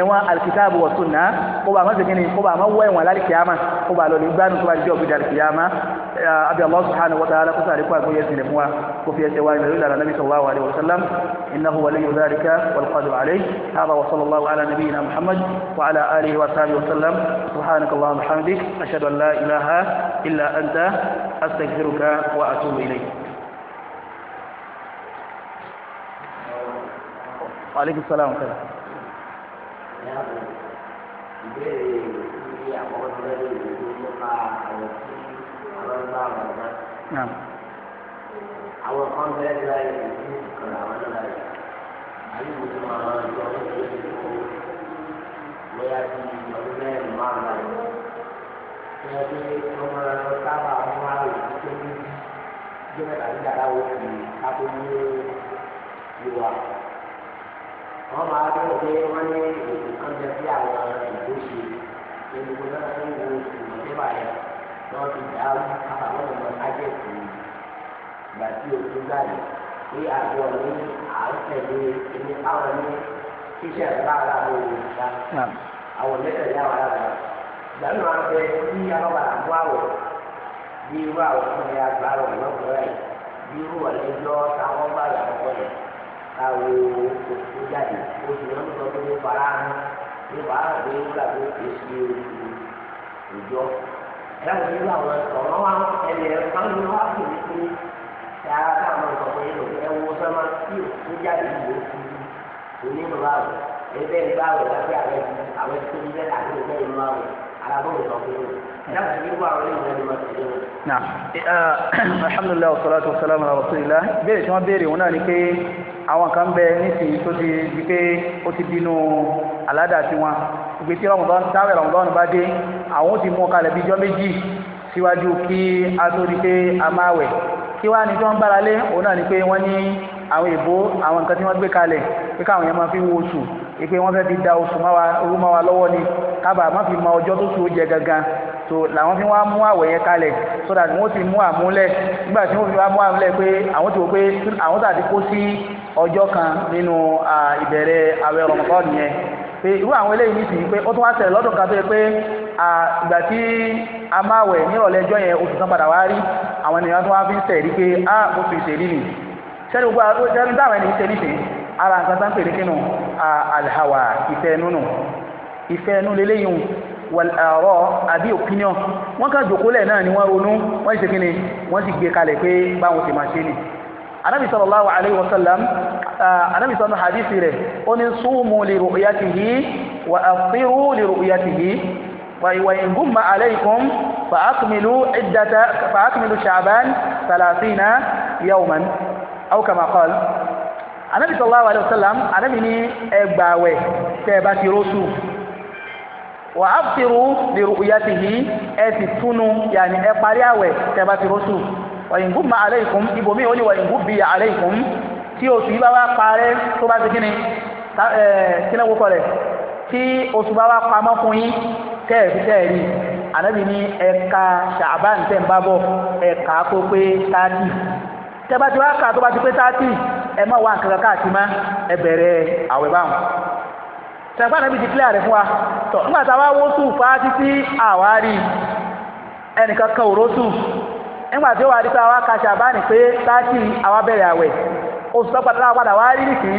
ẹ̀wọ̀n alikitaabu wa sunna kó bá a ma segin ni kó bá a ma wọ ẹ̀wọ̀n lalikiyama kó bá a ní gbanu tó bá di jọ gbẹdẹ alikiyama abi allah subhanahu wa ta'ala kusa alikuwa ko yesu ne muwa ko fiye cewa ne lalla nabi sallallahu alaihi wasallam innahu waliyyu dhalika wal qadir alayh haba wa sallallahu ala nabi nabiyyina muhammad wa ala alihi wa wa sallam subhanahu wa hamdik ashhadu an la ilaha illa anta astaghfiruka wa atubu ilayk وعليكم السلام ورحمة الله àyàwó ìbéèrè ìrísí àwọn ọmọdé ìrísí nípa àwọn tí àwọn ń bá wọn ná. àwọn kan bẹ́ẹ̀ láyé ìrísí kan àwọn náà láyé àyùkù tó máa ń lọ sí ìlú lóyá sí ọdún mẹ́rin márùn-ún láyé. ìyẹn pé ọmọ sábà ń wá òkú tó ní bí jẹ́nà tàbí dàda wọ́n fi kápẹ́ ní ìwà wọ́n máa rí ọ̀gbẹ́ wọn ní ìkànnì sí àwọn ìbò ṣe egungun náà ń wo ìmọ̀lẹ́bà yẹn wọ́n ti dá àbáwọn ọmọ májèkì ìgbà tí ojú gbàdé pé àjọ ní àtẹ̀lé ẹni àwọn ní ṣíṣe ìbára àwọn òrìṣà àwọn mẹ́tẹ̀lẹ́ àwọn àgbà ìgbàlú wọn bẹ bí alábàlá mú àwọ̀ bí irú àwọn ọmọ yẹn agbára ọ̀nà ọ̀gbọ́n rẹ̀ bí irú ọ̀lẹ́jọ́ táwọn bá yà káwo òkú jáde oṣù náà ló sọ pé ní fara hàn ní wàá gbé nígbà tó ké sí òjò ẹ̀rọ nínú àwọn ọ̀rọ̀ wa ẹni ẹ̀rọ kan ní wàá pè mí pé ṣáà káwọn ọ̀sọ̀ pé ẹ̀rọ ẹ̀wọ̀ sọ́mà tí òkú jáde yìí ó fi onínú wa rẹ̀ ẹgbẹ́ ìgbà rẹ̀ lábẹ́ àwẹ̀ àwẹ̀ tó ń bẹ́ àti ìgbẹ́ ìlú wa rẹ̀ alábọ̀ ìsọ̀ pé ẹ̀rọ nínú àwọn ẹ̀rọ ìlú wa rẹ̀ ní àwọn kan bẹ nísìnyí tó ti di pé ó ti dínú aládàá sí wọn ìgbé tí rọmọdọ́n táwẹ̀ rọmọdọ́n bá dé àwọn ó ti mú kalẹ̀ bíjọ́ méjì síwájú kí a tó di pé a máa wẹ̀ kí wá ní tí wọ́n gbára lé òun náà ni pé wọ́n ní àwọn èbó àwọn nǹkan tí wọ́n gbé kalẹ̀ pé káwọn yẹn máa fi wo oṣù pé wọ́n fẹ́ fi da oṣù máa wa lọ́wọ́ ni kábàá fi mọ ọjọ́ tó sùn ó jẹ gangan so làwọn fi wá mú àwẹ̀ yẹn kalẹ̀ so that wọ́n ti mú àmúlẹ̀ nígbà tí wọ́n fi wá mú àmúlẹ̀ pé àwọn ti wò pé àwọn tàbí kó sí ọjọ́ kan nínú ìbẹ̀rẹ̀ àwẹ̀ Ramadan nìyẹn pé irú àwọn eléyìí ní sìn pé ó tún wá ṣẹlẹ̀ lọ́dún kan tó yẹ pé ìgbà tí a máa wẹ̀ nírọ̀lẹ́ ẹjọ́ yẹn oṣù kan padà wá rí àwọn ènìyàn tó wá fi ń tẹ̀rí pé á oṣù ìṣèlú nì sẹ́ni gbogbo sẹ́ni táwọn ènìyàn ṣe nìṣe ara nǹkan tán pè kínú alhawa ìfẹ́ nínú ìfẹ́ nínú lélẹ́yìn wàlárọ̀ àbí opinion wọ́n kà jòkólẹ̀ náà ni wọ́n ronú wọ́n ṣe kíni wọ́n sì gbé kalẹ̀ pé báwọn ti máa ṣe ni anabi sallallahu alayhi wa sallam anabi sallallahu hadithi rẹ̀ ó ní súnmù li ru'yatihi wa aftiru li ru'yatihi wa in gumma alaykum fa akmilu iddata fa akmilu sha'ban thalathina wà á fìrú lèrò ìyàtì yìí ẹ sì túnú yàní ẹ parí àwẹ̀ bá ti rọ́ṣù wàyìngú ma aleikum ó ní wàyìngú bi tí oṣù yìí bá wá parẹ́ tó bá ti kíni kílẹ̀ wọ́kọ̀ rẹ̀ tí oṣù bá wá pamọ́ fún yín tẹ́ ẹ̀ fi tẹ́ ẹ̀ rí ànábì ní ẹ̀ka ṣàbán tẹ̀ ń bá bọ̀ ẹ̀ka tó pé táàtì tẹ́ bá ti wá kà tó bá ti pé táàtì má sẹ̀pá nàbí ti clear rẹ̀ fún wa tọ̀ nígbà tá a wá wó sùn fá títí àwárí ẹnìkan kan òró sùn nígbà tí ó wà dípẹ́ àwa kàṣà bá ní pé táàtì àwa bẹ̀rẹ̀ àwẹ̀ oṣù tọ́pàdà padà wá rí nìkí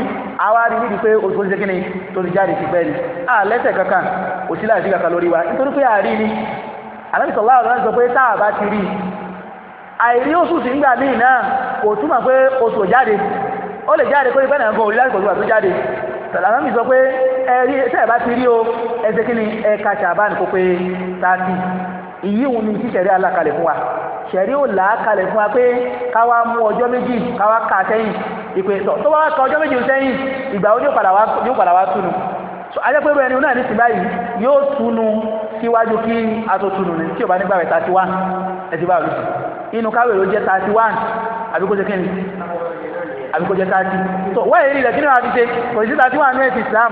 àwa rí nídìí pé oṣù tó ti ṣe kíni tó ti jáde ti bẹ́ẹ̀ ni àlẹ́sẹ̀ kankan òsì láti kankan lórí wa nítorí pé àrí ni àlẹ́sẹ̀ sọ̀rọ̀ àwọn ọ̀rọ̀ sọ pé táà bá ti rí àìrí oṣù tí ń míì náà kò túmọ̀ pé oṣù jáde ó lè jáde pé bẹ́ẹ̀ náà ń kọ orí láti pọ̀ ẹ̀rí tẹ́ẹ̀ bá ti rí o ẹsẹ̀ kí ni ẹ̀ka ṣàbánu kó pé tààtì ìyí òun ni tí ṣẹ̀rí alákalẹ̀ fún wa ṣẹ̀rí ò làákalẹ̀ fún wa pé káwa mú ọjọ́ méjì káwa kà sẹ́yìn ìpè tọ̀ tó bá wá ka ọjọ́ méjì sẹ́yìn ìgbà wo ni ó padà wá túnu ajẹ́pẹ́rú ẹni náà ní tìbáyì yóò túnu síwájú kí a tó túnu ní tí ò bá nígbà rẹ̀ 31 ẹ̀sì bá olùsì inú káwé ló jẹ́ 31 àbíkójẹ́ kí ni àbíkójẹ́ 30 so wọ́n èyí rẹ̀ kí ni wọ́n á fi ṣe kò sí 31 ní ẹ̀sìn Islam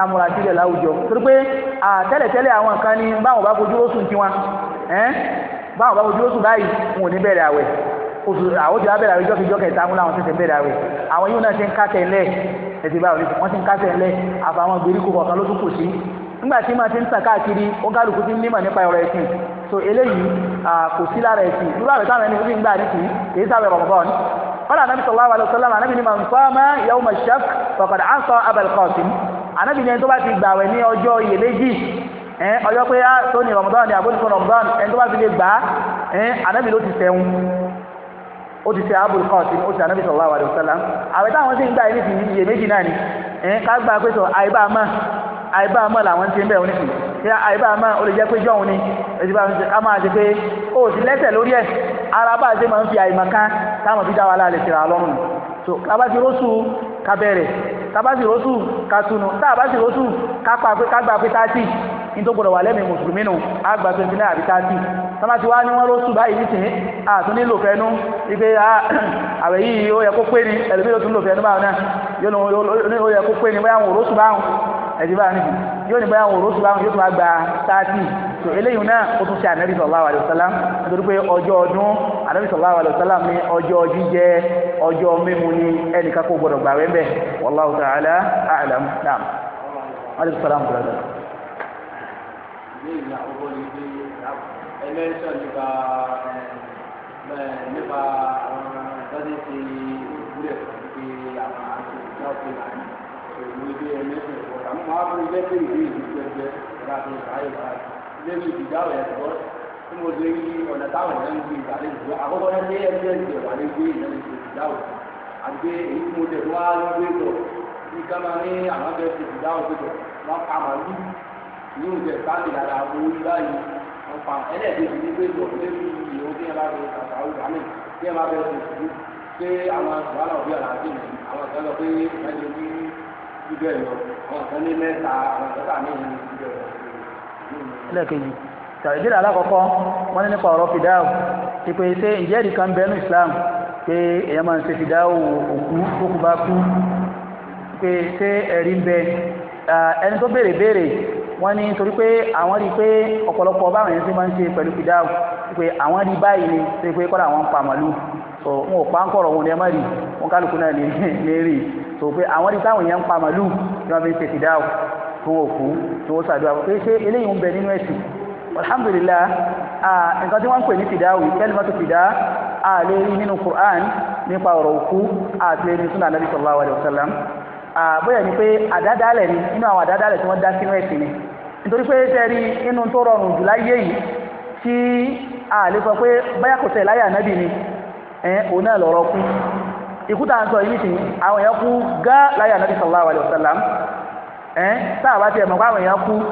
ká múra sílẹ̀ láwùjọ torí pé àtẹ́lẹ̀tẹ́lẹ̀ àwọn kan ní báwọn bá fojú lóṣù tiwọn báwọn bá fojú lóṣù báyìí wọn ò ní bẹ̀rẹ̀ àwẹ̀ oṣù àwọn ti wá bẹ̀rẹ̀ àwẹ̀ jọ́kejọ́ kẹta mú láwọn tẹ̀sẹ̀ bẹ̀rẹ̀ àwẹ̀ àwọn yóò náà ti ń kásẹ̀ ńlẹ̀ ẹ̀sìn báwọn wọ́n ti ń kásẹ̀ ńlẹ̀ àfàwọn gbèríko kọ̀ọ̀kan ló tún kù sí nígbà tí máa ti ń tàn káàkiri ó ti ń nímọ̀ nípa ọ̀rọ̀ ẹ̀sìn so eléyìí kò sí lára ẹ̀sìn irú àwẹ̀ táwọn ẹni fi ń gbà nìkì kì í sáwẹ̀ Ramadan قال النبي صلى الله عليه وسلم عن ابن من صام يوم الشك فقد عصى ابا القاسم anábìnrin tó bá ti gbàwẹ̀ ní ọjọ́ iyèméjì ọjọ́ pé á ah, tó ní Ramadan ní àbójútó Ramadan ẹni tó bá fi lè gbà á anábìnrin ló ti sẹ́wọ̀n ó ti sẹ́ abul qasim ó ti anábì sallallahu alaihi wasallam àwẹ̀ táwọn sì ń gbà ní ti iyèméjì náà ni ká gbà pé sọ àìbá mọ́ àìbá mọ́ làwọn ti ń bẹ̀ oníṣìí ṣe àìbáàmá o lè jẹ́ pé jọ́un ni ẹ̀sìbá a máa ṣe pé o sì lẹ́sẹ̀ lórí ẹ̀ ara bá ṣe máa ń fi àìmọ̀kan táwọn fi dá wa láàrin ṣe so tába ti rọ́ṣù ká bẹ̀rẹ̀ tába ti rọ́ṣù ká túnú tába ti rọ́ṣù ká pa pé ká gba pé táàtì ní tó gbọdọ̀ wà lẹ́mìí mùsùlùmí nù á gba twenty nine àbí táàtì tába ti wá ní wọ́n rọ́ṣù báyìí nísìnyí àtún nílò fẹ́nu wípé àwẹ̀ yìí ó yẹ kó pé ni ẹlòmíràn tún lò fẹ́nu báwọn náà yóò yẹ kó pé ni báyà wọn ò rọ́ṣù báwọn ẹ̀dí báwọn yóò ní báyà wọn ò rọ́ṣù báwọn yóò tún wá gba táàtì tó eléyìí náà ó tún ṣe ànábì sallallahu alaihi wasallam nítorí pé ọjọ́ ọdún ànábì sallallahu alaihi wasallam ní ọjọ́ jíjẹ ọjọ́ mímu ní ẹnìkan kò gbọdọ̀ gbàwẹ̀ ń bẹ̀ wallahu ta'ala a'lam naam alaihi salam brother lórí ìdíjáwó yẹn tó tí mo lè rí ọ̀nà táwọn yẹn ń gbé ìgbàlejò àkọ́kọ́ yẹn ní ẹgbẹ́ ẹgbẹ́ wà ní gbé ìyẹn ìdíjáwó àti èyí tí mo lè wá lórí ètò bí ká máa ní àwọn abẹ́ ti ìdíjáwó tó tọ̀ wọ́n pa màálù ní oúnjẹ sáàlì lára owó báyìí wọ́n pa ẹlẹ́ẹ̀dẹ́gbẹ̀ ní gbé ìtọ̀ lórí ìyẹ̀wò kí ẹ bá fẹ́ kàkàwé wàlẹ̀ kí ẹ bá fẹ́ pé àwọn àgbàlá òbí àlàáfíà àwọn kan lọ pé ẹni ní ibẹ̀ lọ àwọn kan ní mẹ́ta àwọn kan tà ní ìlú ibẹ̀ lọ ẹlẹ́ẹ̀kejì ìbéèrè alákọ̀ọ́kọ́ wọ́n ní nípa ọ̀rọ̀ fìdáwò ti pé ṣé ìjẹ́rìí kan bẹ́nu Islam pé èèyàn máa ń ṣe fìdáwò òkú tó kú bá kú pé ṣé ẹ̀rí ń bẹ ẹni tó béèrè béèrè wọ́n ní torí pé àwọn rí i pé ọ̀pọ̀lọpọ̀ báwọn èèyàn ṣe máa ń ṣe pẹ̀lú fìdáwò pé àwọn rí báyìí ni ṣe pé kọ́dà àwọn ń pa màlú so wọn ò pa ń kọ̀rọ̀ wọn ní ẹ má rí wọn kálukú náà ní rí so pé àwọn rí táwọn fìdáwò tó wò kú tó wò sàdúrà pé ṣé eléyìí ń bẹ nínú ẹ̀sìn alhamdulillah nǹkan tí wọ́n ń pè ní fìdáwì kalimatu fìdá àlè rí nínú Qur'an nípa ọ̀rọ̀ òkú àti lè ní súnà nàbí sallallahu alaihi wasallam bóyá ni pé àdádálẹ̀ ni nínú àwọn àdádálẹ̀ tí wọ́n dá sínú ẹ̀sìn ni nítorí pé tẹ́rí inú tó rọrùn jù láyé yìí tí àlè sọ pé báyà kò tẹ̀ láyà nábì ni òun náà lọ̀rọ̀ kú ikú tá à ń sọ yìí sallallahu alaihi wasallam ẹ tá a bá tiẹ̀ mọ̀ pé àwọn èèyàn kú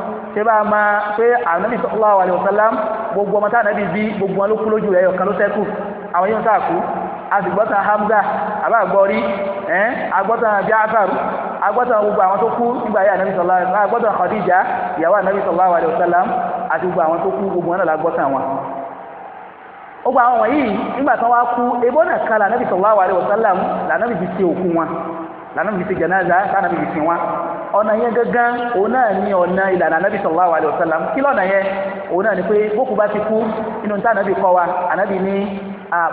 a máa pé ànábì sallallahu gbogbo ọmọ tá ànábì bí gbogbo wọn ló kú lójú rẹ̀ ọ̀kan ló àwọn yóò a Hamza àbá gbọ́ rí ẹ agbọ́ na gbogbo àwọn tó kú nígbà yà ànábì sallallahu alaihi Khadija ìyàwó ànábì sallallahu alaihi àti gbogbo àwọn ọ̀nà yẹn gangan òun náà ni ọ̀nà ìlànà anábì sallallahu alaihi wasallam kí lọ́nà yẹn òun náà ni pé bókù bá ti kú inú níta anábì kọ́ wa anábì ní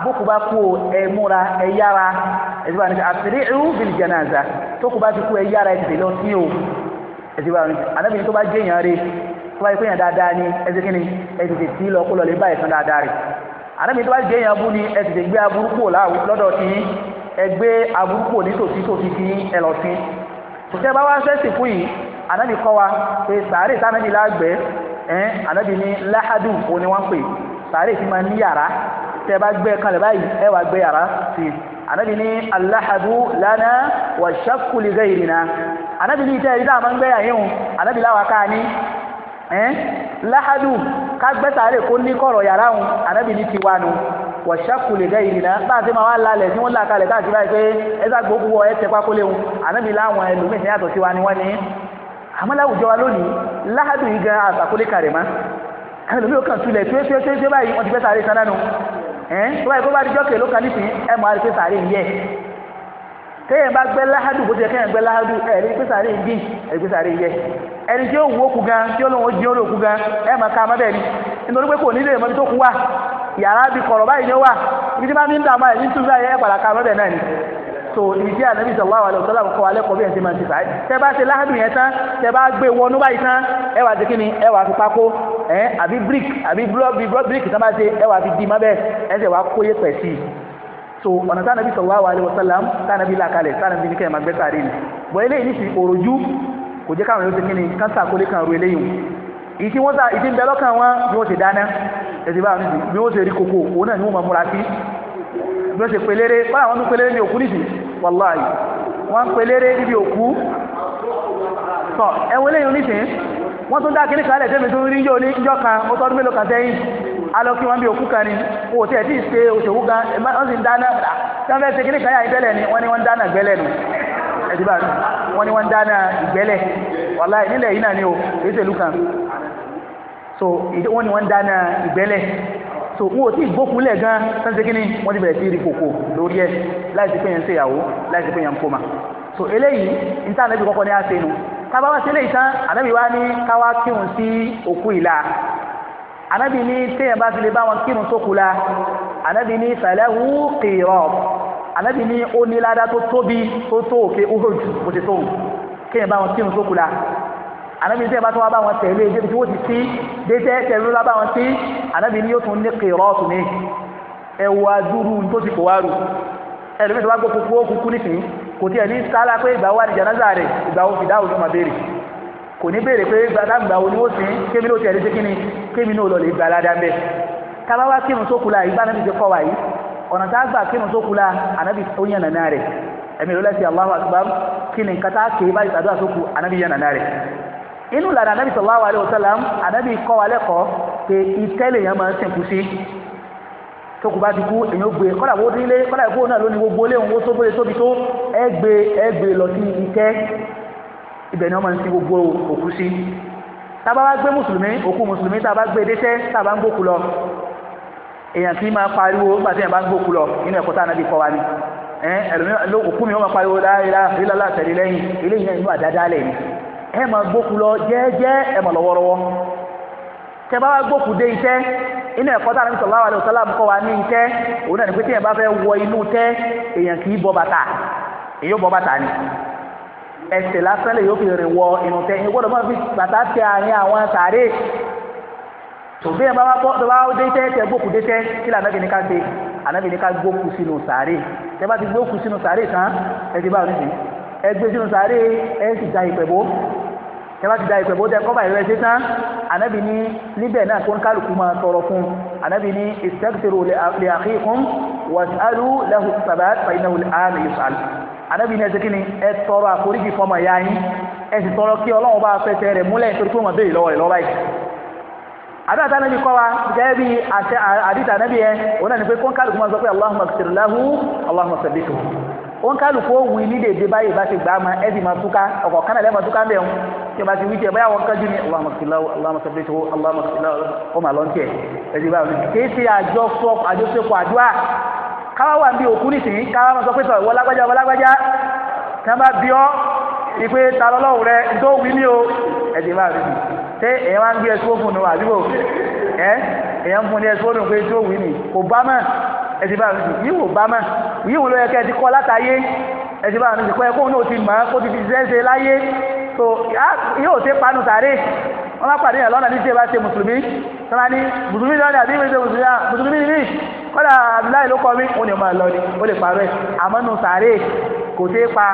bókù bá kú ẹ múra ẹ yára ẹ̀sìn bá ní àfẹ́rẹ́rù bil janaza tókù bá ti kú ẹ yára ẹ tètè lọ sí o ẹ̀sìn bá ní anábì ní tó bá jẹ́ èèyàn rẹ̀ tó bá yẹ kéèyàn dáadáa ni ẹ̀sìn kí ni ẹ tètè lọ kó lọ lè bá ẹ̀sán dáadáa rẹ̀ anábì tó bá jẹ́ èèyàn bú ni ẹ tètè gbé aburúkú lọ́dọ̀ tí ẹ gbé aburúkú nítòsí tòsí tí ẹ lọ sí tòtẹ́ bá wá sẹ́sì fún yìí ànábì kọ́ wa pé sàárè tánàbì lágbẹ́ ẹ̀ẹ́n ànábì ní láhádù òun ni wọ́n pè sàárè fi máa ní yàrá tẹ́ bá gbẹ́ e kalẹ̀ báyìí ẹ wá gbẹ́ yàrá sí i ànábì ní aláhádù lánà wà ṣàkùlì gẹ́yìnà ànábì ní ìtẹ́ ìdá àmọ́ ń gbẹ́ yàyìn ànábì láwa ká ní ẹ̀ẹ́n láhádù ká gbẹ́ sàárè kó ní kọ̀rọ̀ yàrá òun ànábì ní tiwa nù wàṣàkùlẹ̀ dẹ́ ìrìnà bá a ti máa wá lálẹ̀ tí wọ́n là kalẹ̀ káàkiri báyìí pé ẹ sá gbogbo wọ ẹ tẹ pákó léwu ànábì láwọn ẹlòmíì ní àtọ̀ tiwa ni wọ́n ní. àmọ́ láwùjọ wa lónìí láhàdùn yìí gan àtàkùlé kàrẹ̀ má ẹlòmíì ó kàn tulẹ̀ tí ó ṣe ṣe báyìí wọ́n ti fẹ́ sàárè sáná nu ẹ̀ẹ́n tó báyìí kó bá dijọ́ kèló kan nísìnyí ẹ̀ mọ̀ àrí pé sàárè ń yẹ kéèyàn bá gbẹ́ láhádù yẹ ẹni tí ó wù ó gan tí ó lóun ó jí ó lóun kú gan ẹ̀ máa ka amábẹ́ẹ̀ni nítorí pé kò nílé ìmọ̀bi tó kú wá yàrá bí kọ̀rọ̀ báyìí ni ó wà ibi tí bá ní ń dààmú àyè ní ayé ẹ̀pàdà kan lọ́bẹ̀ náà ni so ibi tí ànábì sallallahu alaihi wasallam kọ́ alẹ́ kọ́ bí ẹ̀ ti máa ti fà á tẹ bá ṣe láhàbì yẹn tán tẹ bá gbé wọnú báyìí tán ẹ wà á ti kí ni ẹ wà á fi pákó ẹ àbí brick àbí brick tán bá ṣe ẹ fi di má bẹ́ẹ̀ ẹ wà kóyè pẹ̀ sí i so ọ̀nà tí ànábì sallallahu alaihi wasallam tí ànábì là kalẹ̀ tí ànábì ní kẹ́ ẹ̀ máa gbẹ́ sáré ni bọ̀ eléyìí ní ti òròjú ìtí wọ́n sá ìtí ń bẹ lọ́kàn wọn bí wọ́n ṣe dáná ẹ̀sìn bá wọn bí wọ́n ṣe rí koko òun náà ni wọ́n máa múra sí bí wọ́n ṣe pelére báyà wọ́n tún pelére ní òkú nìsí wàláì wọ́n ń pelére níbi òkú tọ̀ ẹ̀wọ̀n eléyìí oníṣẹ́ wọ́n tún dá kiri kalẹ̀ tẹ́mi tún rí yóò ní ìjọ kan ó tọ́dún mélòó kan sẹ́yìn alọ́ kí bí òkú kan ni o tẹ̀ tí ì ṣe òṣèwú gan wọ́n sì ń dáná tí wọ́n fẹ́ ṣe kiri kalẹ̀ àìbẹ́lẹ̀ ni wọ́n ní wọ́n ń dáná gbẹ́lẹ̀ nù ẹ̀dí wọ́n ní wọ́n ń dáná ìgbẹ́lẹ̀ wàláì nílẹ̀ yìí náà ni o èyí tẹ̀lú kan so wọ́n ni wọ́n dáná ìgbẹ́lẹ̀ so wọ́n ò tí ìgbókunlẹ̀ gan sánsẹ́ kí ni wọ́n ti bẹ̀rẹ̀ sí rí kòkò lórí ẹ̀ láìsí pé yẹn ń ṣèyàwó láìsí pé yẹn ń kómà so eléyìí ní tá ànábì kọ́kọ́ ní á ṣe nu tábà wá sí eléyìí tán ànábì wá ní káwá kírun sí òkú ìlà ànábì ní téèyàn bá fi lè bá wọn kírun sókù la ànábì ní falahu qirat ànábì ní ó ní ládá tó tóbi tó tó òkè óhòjù bó ti tóun kéèyàn bá wọn kírun sókù la anabi ní sẹ́yìn bá tún wá bá wọn tẹ̀lé débi tí wọ́n ti sí déṣẹ́ tẹ̀lé ló bá wọn sí anabi ní yóò tún ní kìrọ́ọ̀tù ní ẹwà dúró tó ti kò wá rù ẹlòmíì tó bá gbọ́ kúkú ó kúkú nísìnyí kò tí ẹ̀ ní sálá pé ìgbà wà ní jànáza rẹ̀ ìgbà wo fìdá òní máa béèrè kò ní béèrè pé gbàgbà wo ni ó sìn kémi ló ti ẹ̀rí sí kíni kémi náà lọ lè inú ìlànà anábì sallallahu alaihi wasallam anábì kọ́ wa lẹ́kọ̀ọ́ pé ìtẹ́lẹ̀ yẹn máa ń sìnkú sí tó kù bá ti kú èyàn gbé e. kọ́lá wo nílé kọ́lá ìkó náà lónìí gbogbo lé òun tó gbélé tóbi e tó ẹ gbé e, ẹ gbé lọ sí ìtẹ́ ibẹ̀ ni wọ́n máa ń sin gbogbo òkú sí tábà bá gbé mùsùlùmí òkú mùsùlùmí tábà gbé déṣẹ́ tábà ń gbókù lọ èyàn kì í máa pariwo nígbà tí èyàn bá ń gbókù lọ nínú ẹ̀kọ́ tá ànábì kọ́ wa ni ẹ̀ẹ́n ẹ̀lòmíràn òkú mi wọ́n máa pariwo láìláà ẹ máa gbókù lọ jẹ́ẹ́jẹ́ ẹ máa lọ wọ́rọ́wọ́ tẹ bá wá gbókù dé iṣẹ́ inú ẹ̀kọ́ tá a níbi sallallahu alaihi wasallam kọ́ wa ní iṣẹ́ òun náà ní pé tí èèyàn bá fẹ́ wọ inú tẹ́ èèyàn kì í bọ bàtà èyí bọ bàtà ni ẹsẹ̀ lásán lè yóò fi rìn wọ inú tẹ́ èyí gbọ́dọ̀ máa fi bàtà tẹ àárín àwọn sàárè tòbí ẹ̀ bá wá bọ́ tó bá dé tẹ́ tẹ gbókù dé tẹ́ kí lànà bìnrin ká ṣe ànábì ní sínú sàárè ẹ sì da ìpẹ̀bó tẹ́wá ti da ìpè bó tẹ kọ́ba ìrẹ́ ṣe tán ànábì ní níbẹ̀ náà kó ń kálukú máa tọrọ fún ànábì ní istaghfiru li akhikum was'alu lahu sabat fa innahu al-ana yus'al ànábì ní ẹsẹ̀ kínní ẹ tọrọ àforíjì fọmọ ìyá yín ẹ sì tọrọ kí ọlọ́run bá fẹsẹ̀ rẹ̀ múlẹ̀ nítorí pé wọ́n béèrè lọ́wọ́ rẹ̀ lọ́wọ́ yìí àbíàtà nàbí kọ́ wa gẹ́gẹ́ bí àṣẹ àdìtà nàbí yẹn òun náà ní pé kó ń kálukú máa sọ pé Allahumma ighfir lahu Allahumma thabbithu ó ń kálukú ó wù ní dèdè báyìí bá ti gbà á ma ẹ sì máa túká ọ̀kọ̀ọ̀kan náà lẹ́ẹ̀ máa túká ń bẹ̀ tí a bá ti wí tiẹ̀ báyà wọ́n kájú ni Allahumma sallahu Allahumma sallahu Allahumma sallahu ọmọ àlọ́ ń tiẹ̀ ẹ̀sìn báyà wọ́n kì í ṣe àjọsọ àjọṣepọ̀ àdúrà káwá wà níbi òkú nìsín káwá máa sọ pé sọ̀rọ̀ wọlágbájá wọlágbájá kí wọ́n bá bí ọ́ ìpè ta lọ́lọ́run rẹ tó wí ní o ẹ̀sìn báyà wọ́n ṣe èèyàn máa ń gbé ẹsùn òfin nù àdúgbò ẹ èèyàn fún ní ẹsùn òfin pé tó wí ẹ̀sìn báwọn oníṣẹ́ pẹ́ kóun náà ti mọ̀ kó ti fi ṣiṣẹ́ ṣe láyé tó yóò ṣe panu sàárè wọ́n bá pàdé yàn lọ́nà ní tí ẹ bá ṣe mùsùlùmí tọ́lá ní mùsùlùmí lọ́nà àbí ìwé ṣe mùsùlùmí ah, ní kọ́lá abdullahi ló kọ́ mi ó ní ọmọ àlọ́ ni ó lè parọ́ ẹ̀ àmọ́ nù sàárè kò ṣe é pa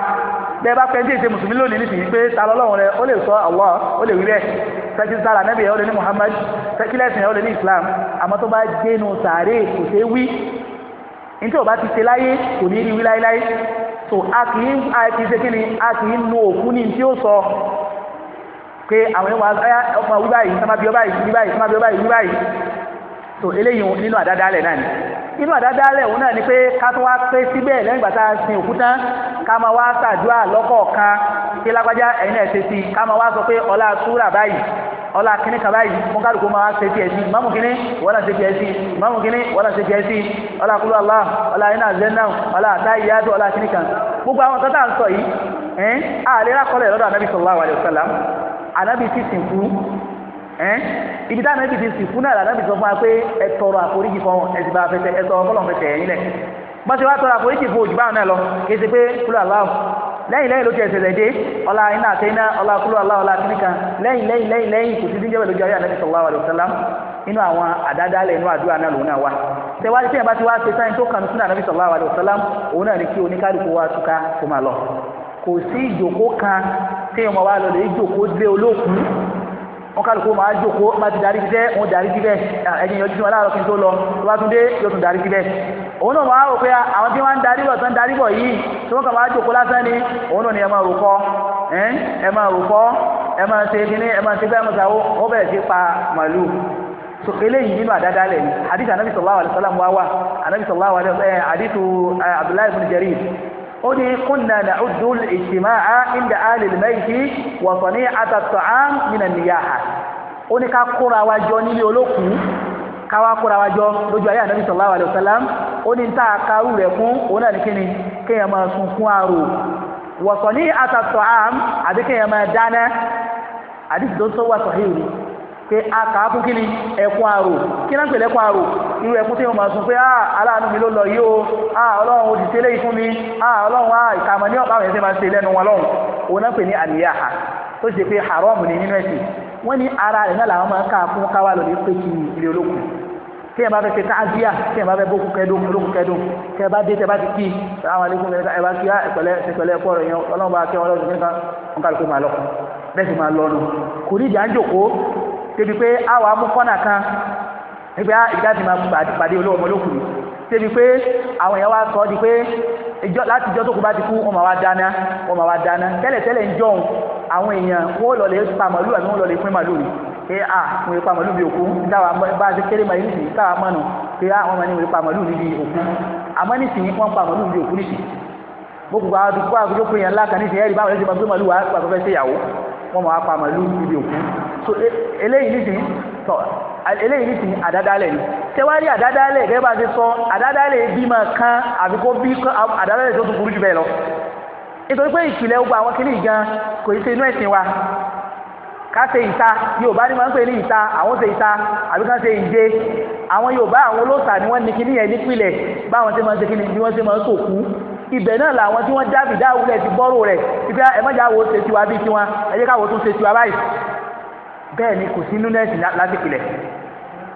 bẹ́ẹ̀ bá pẹ́ńtì ṣe mùsùlùmí lónìí nísìnyí pé ta lọ́lọ́run rẹ ó lè sọ Allah ó lè wí bẹ́ẹ̀ sẹ́kí sára nẹ́bí ẹ̀ ó lè ní Muhammad sẹ́kí lẹ́sìn ẹ̀ ó lè ní Islam àmọ́ tó bá dénú sàárè kò ṣe wí nítorí ọba ti ṣe láyé kò ní rí wí láéláé so a kì í a kì í ṣe kí ni a kì í nu òkú ní tí ó sọ pé àwọn ẹwà ọmọ wí báyìí sábàbí ọ báyìí wí báyìí sábàbí ọ báyìí wí báyìí tó eléyìí nínú àdádálẹ̀ náà ni nínú àdádálẹ̀ òun náà ni pé ká tún wá pé síbẹ̀ lẹ́yìn ìgbà tá a sin òkú tán ká máa wá ṣàdúrà lọ́kọ̀ọ̀kan pé lágbájá ẹ̀yin náà ṣe sí i ká máa wá sọ pé ọlá súrà báyìí ọlá kínní kan báyìí mo ká lùkú máa ṣe tiẹ̀ sí i ìmáàmù kínní wọ́n náà ṣe tiẹ̀ sí i ìmáàmù kínní wọ́n náà ṣe tiẹ̀ sí i ọlá kúlú ọlá ọlá iná zẹ́nà ọlá àtàyíyájú ọlá kínní kan gbogbo àwọn tọ́tà ń sọ yìí ẹ̀ àlera kọlẹ̀ lọ́dọ̀ anábì sallallahu alaihi wasallam anábì sì sìnkú ẹ́n ibi táwọn ẹbí ti sìnkú náà làdábì sọ fún wa pé ẹ tọrọ àforíjì kan ẹ ti bá fẹsẹ ẹ tọrọ kọlọ̀ fẹsẹ̀ ẹ̀yìn lẹ̀ bọ́n ṣe wá tọrọ àforíjì fún òjì báwọn náà lọ kì í ṣe pé kúlọ̀ aláwọ̀ lẹ́yìn lẹ́yìn ló ti ẹ̀sẹ̀ lẹ́dẹ́ ọlá iná àti iná ọlá kúlọ̀ aláwọ̀ ọlá kíníkà lẹ́yìn lẹ́yìn lẹ́yìn lẹ́yìn kò sí sí jẹ́wẹ̀ lójú ayé ànábì sallallahu alaihi wasallam inú àwọn àdádálẹ̀ inú àdúrà náà lòun náà wà tẹwàá tí ẹ̀ bá ti wá ṣe sáyẹn tó kàn sínú ànábì sallallahu alaihi wasallam òun náà ní kí oníkálukú wá túká kó máa lọ kò sí ìjòkó kan tí ọmọ wa lọ lè jòkó lé olókùn wọn kálukú máa jókòó bá ti darí jíjẹ wọn darí jíjẹ ẹ̀yin yọjú sí wọn láàárọ̀ kí n tó lọ tó bá tún dé yóò tún darí jíjẹ òun náà máa rò pé àwọn tí wọn ń darí lọ tó ń darí bọ̀ yìí tí wọn kàn máa jókòó lásán ni òun náà ni ẹ máa rò kọ ẹ máa rò kọ ẹ máa ṣe kíní ẹ máa ṣe fẹ́ mọ̀ta ó bẹ̀rẹ̀ sí pa màlúù so eléyìí nínú àdáadáa lẹ̀ ni hadith anabi sallallahu alayhi wa sallam wá wà anabi sallallahu alayhi wa sallam eh, hadith eh, abdullahi ibn jarir أني كنا نعد الاجتماع عند آل الميت وصنيعة الطعام من النياحة أني كقرى وجوني لولوكو káwá kóra wa jọ lójú ayé ànábì sallallahu alaihi wasallam ó ní tá a karú rẹ̀ fún òun náà ní kíni kéèyàn máa sun fún àrò wọ̀sọ̀ ní àtàtọ̀ àm àbí kéèyàn máa dáná àdìsí tó ń tó wà sọ̀hìn rí pé a kàá fún kí ni ẹkún àrò kí náà pèlè ẹkún àrò irú ẹkún tí wọ́n máa sùn pé a ah, aláàánú mi ló lọ yìí o a ah, ọlọ́run ó ti tẹ́lẹ̀ ìfún mi a ah, ọlọ́run a ìkàmọ̀ ní ọ̀pá àwọn ẹ̀sẹ̀ máa ń ṣe lẹ́nu wọn lọ́run òun náà pè ní àníyàhà tó ṣe pé haram ni nínú ẹ̀sìn wọ́n ní ara rẹ̀ náà làwọn máa ń ká fún káwá lọ ní pé kí ilé olókùn tí ẹ bá fẹ́ ṣe káàdíà tí ẹ bá fẹ́ bókun kẹdùn olókun kẹdùn tí ẹ bá dé tí ẹ bá ti kí àwọn alẹ́kùn ẹ bá kí ẹ̀pẹ̀lẹ́ ẹ̀pẹ̀lẹ́ ẹ̀kọ́ rẹ̀ yẹn ọlọ́run bá kí ọlọ́run nígbà wọn kálukú máa lọ bẹ́ẹ̀ sì máa lọ́nu kò ní ìdí à ń jòkó débi pé àwọn amúkọ́nà kan nígbà ìdájì máa pàdé olówó ọmọlókùnrin débi pé àwọn èèyàn wá sọ ọ́ di pé láti ìjọ tó kù bá ti kú wọn máa wá dáná wọn máa wá dáná tẹ́lẹ̀tẹ́lẹ̀ ń jọun àwọn èèyàn wọn ò lọ lè pa màálù àbí wọn lọ lè pín màálù pé à wọn lè pa màálù bí òkú táwa bá ti kéré màálù nìyí táwa mọ̀nà pé à wọn máa ní wọn lè pa màálù níbi òkú àmọ́ nísìnyí wọn pa màálù níbi òkú nísìnyí gbogbo àwọn àdúgbò àgbẹjọ́pọ̀ yẹn ńlá kan wọ́n máa pa màálù ibi òkú so e, eléyìí nìsín tọ eléyìí nìsín àdádálẹ̀ ni tẹwárí àdádálẹ̀ gẹ́gẹ́ bá ti sọ àdádálẹ̀ bí máa kan àbí kó bí àdádálẹ̀ tó tún burú jù bẹ́ẹ̀ lọ nítorí pé ìpìlẹ̀ gbogbo àwọn kìnnì gan kò í ṣe inú ẹ̀sìn wa ká ṣe ìta yorùbá ni máa ń pè ní ìta àwọn ṣe ìta àbí ká ṣe ìje àwọn yorùbá àwọn olóòṣà ni wọ́n ní kíní yẹn nípìlẹ̀ báwọn ṣe máa ń ṣe kíní bí wọ́n ṣe máa ń sòkú ibẹ̀ náà làwọn tí wọ́n já bìdá ti bọ́rù rẹ̀ ibi ẹ̀mọ́jà wo ṣe tiwa bí tiwọn ẹ̀yẹ́ káwọ́ tún ṣe tiwa báyìí bẹ́ẹ̀ ni kò sí núnẹ́ẹ̀sì lásìkìlẹ̀